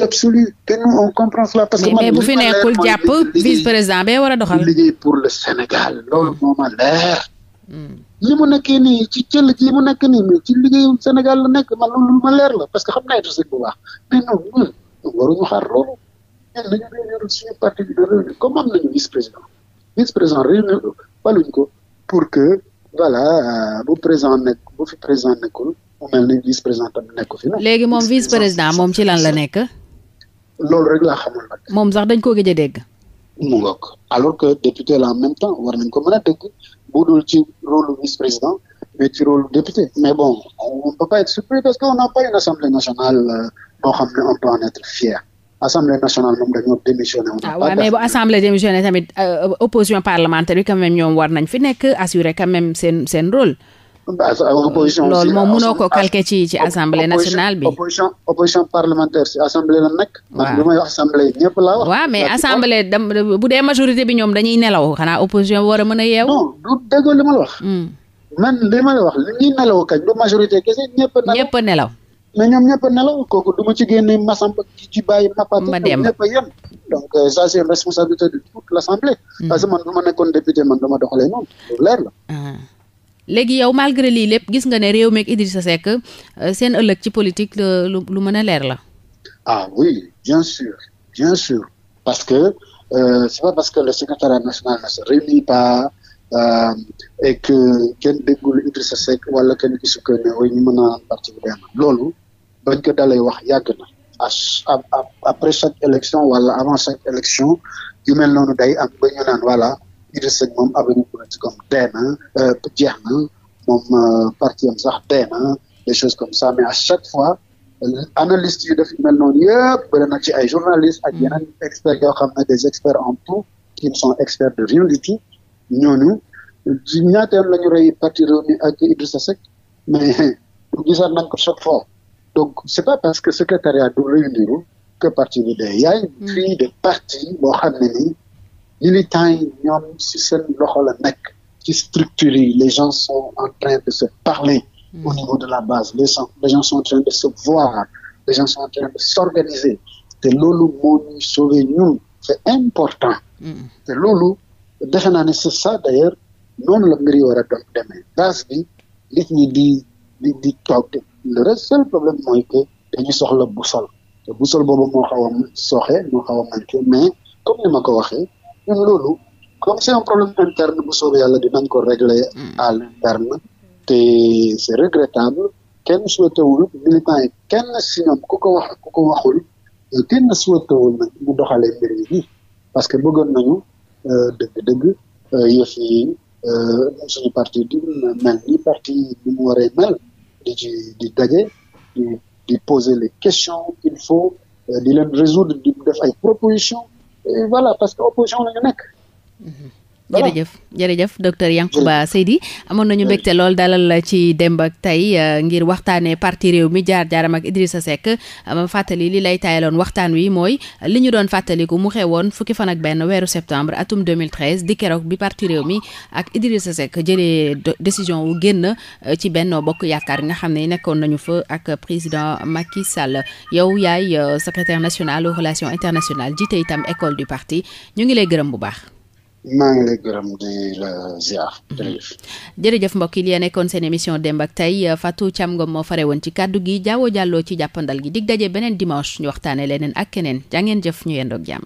absolu te nous on comprend cela. parce que man bu fi nekkul jàpp vice président bee war a doxal. liggéey pour le Sénégal loolu moo ma leer. li mu nekkee nii ci cëll ji mu nekk nii ci liggéeyu Sénégal la nekk man lu ma leer la parce que xam naa it bu baax mais ñun ñun waruñu xaar loolu ñun nañu réunir suñu parti réunion comme am nañu vice président vice président réunion baluñ ko pour que voilà bu président nekk président nekkul mu mel ni vice président tam nekku fi. léegi moom vice président moom ci lan la nekk. loolu rek laa xamul nag. moom sax dañ ko gëj a dégg. mu ngoog alors que député la même temps war nañ ko mën a dégg dul ci rôle vice président mais ci rôle député mais bon on ne peut pas être surpris parce que on n'a pas une assemblée nationale euh, boo xam ne on peut en être assemblée nationale moom dañoo démissionné. ah waaw mais bu assemblée démissionné tamit euh, opposition parlementaire bi même ñoom war nañ fi nekk assurer quand même seen seen rôle. opposition loolu moom mënoo ko calquer ci ci assemblée nationale bi opposition opposition parlementaire si assemblée la nekk. waaw mais assemblée bu dee majorité bi ñoom dañuy nelaw xanaa opposition war a mën a du déggoo hmm. li ma la wax. man li ma wax li ñuy nelaw kañ du majorité kese ñëpp nelaw ñëpp nelaw. mais ñoom ñëpp nelaw kooku du ma ci génne masamba ci ci bàyyi ma dem ñëpp a yem. donc euh, ça c'est une responsabilité de toute l'assemblée. Hmm. man bu ma nekkoon député man dama doxalee noonu lu léegi yow malgré lii lépp gis nga ne réew meeg sa Seck euh, seen ëllëg ci politique lu lu mën a leer la. ah oui bien sûr bien sûr parce que euh, c'est parce que le secrétariat national ne réunit pas euh, et que kenn déggul Idrissa wala kenn gisu ko ne way ñu mën a parti bi dem loolu bañ ko dalay wax yàgg na après chaque élection wala avant chaque élection yu mel noonu day am ba ñu Idrissa Seck moom avenir politique am dee euh, moom euh, parti am sax dee na des choses comme ça mais à chaque fois euh, analyste yu def yu mel noonu yëpp bëri na ci ay journalistes ak mm. yeneen experts yoo xam ne des experts en tout qui ne sont experts de rien du tout ñooñu ci ñaateem rey parti Rewmi ak Idrissa Seck mais du gisaat nañ ko chaque fois donc c' est pas parce que secrétariat du réunirul que parti bi day yaay fii de parti boo xam ne nii militants yi ñoom si seen loxo la nekk ci structures yi les gens sont en train de se parler au mm. niveau de la base les gens les gens sont en train de se voir les gens sont en train de s'organiser te loolu moo ñuy sauver ñun c'est important mm. te loolu dexe naa ne c'est ça d'ailleurs noonu la mbir yi war a doon demee base bi nit ñi di di di toog le seul problème mooy que dañu soxla bu sol te bu sol boobu moo xaw a sooxe moo xaw a manqué mais comme ni ma ko waxee ñun loolu comme c'est un problème interne bu soobee yàlla dinañ ko régler mm. à l'interne te c'est regrettable kenn souhaitewul militant yi kenn si ñoom ku ko waxul kenn souhaitewul nag ñu doxalee mbir yi parce que bëggoon nañu euh, dëgg-dëgg euh, yëf euh, parti di mu waree mel di ci di daje les questions il faut di leen résoudre di def ay propositions Euh, voilà parce que opposition la ñu nekk. Mhm. jërëjëf jërëjëf docteur Yankhoba Seydi amoon nañu mbégte lool dalal ci Demb ak Tay euh, ngir waxtaanee parti réew mi jaar jaaram ak Idrissa Seck ma fàttali li lay taayaloon waxtaan wi mooy li ñu doon fàttaliku mu xewoon fukki fan ak benn weeru septembre atum 2013 di keroog bi parti réew mi ak Idrissa Seck jëlee décision wu génn euh, ci Benno Bokk Yaakaar nga xam ne nekkoon nañu fa ak président Macky Sall yow yaay euh, secrétaire national aux relations internationales école du parti ñu ngi lay gërëm bu baax. maa ngi lay gërëm di la ziar. jërëjëf jërëjëf mbokk yi li nekkoon seen émission démb tey Fatou Thiam Ngom moo fare woon ci kàddu gi Diawo jalloo ci jàppandal gi dig daje beneen dimanche ñu waxtaanee leneen ak keneen jaa ngeen jëf ñu yendoog jàmm.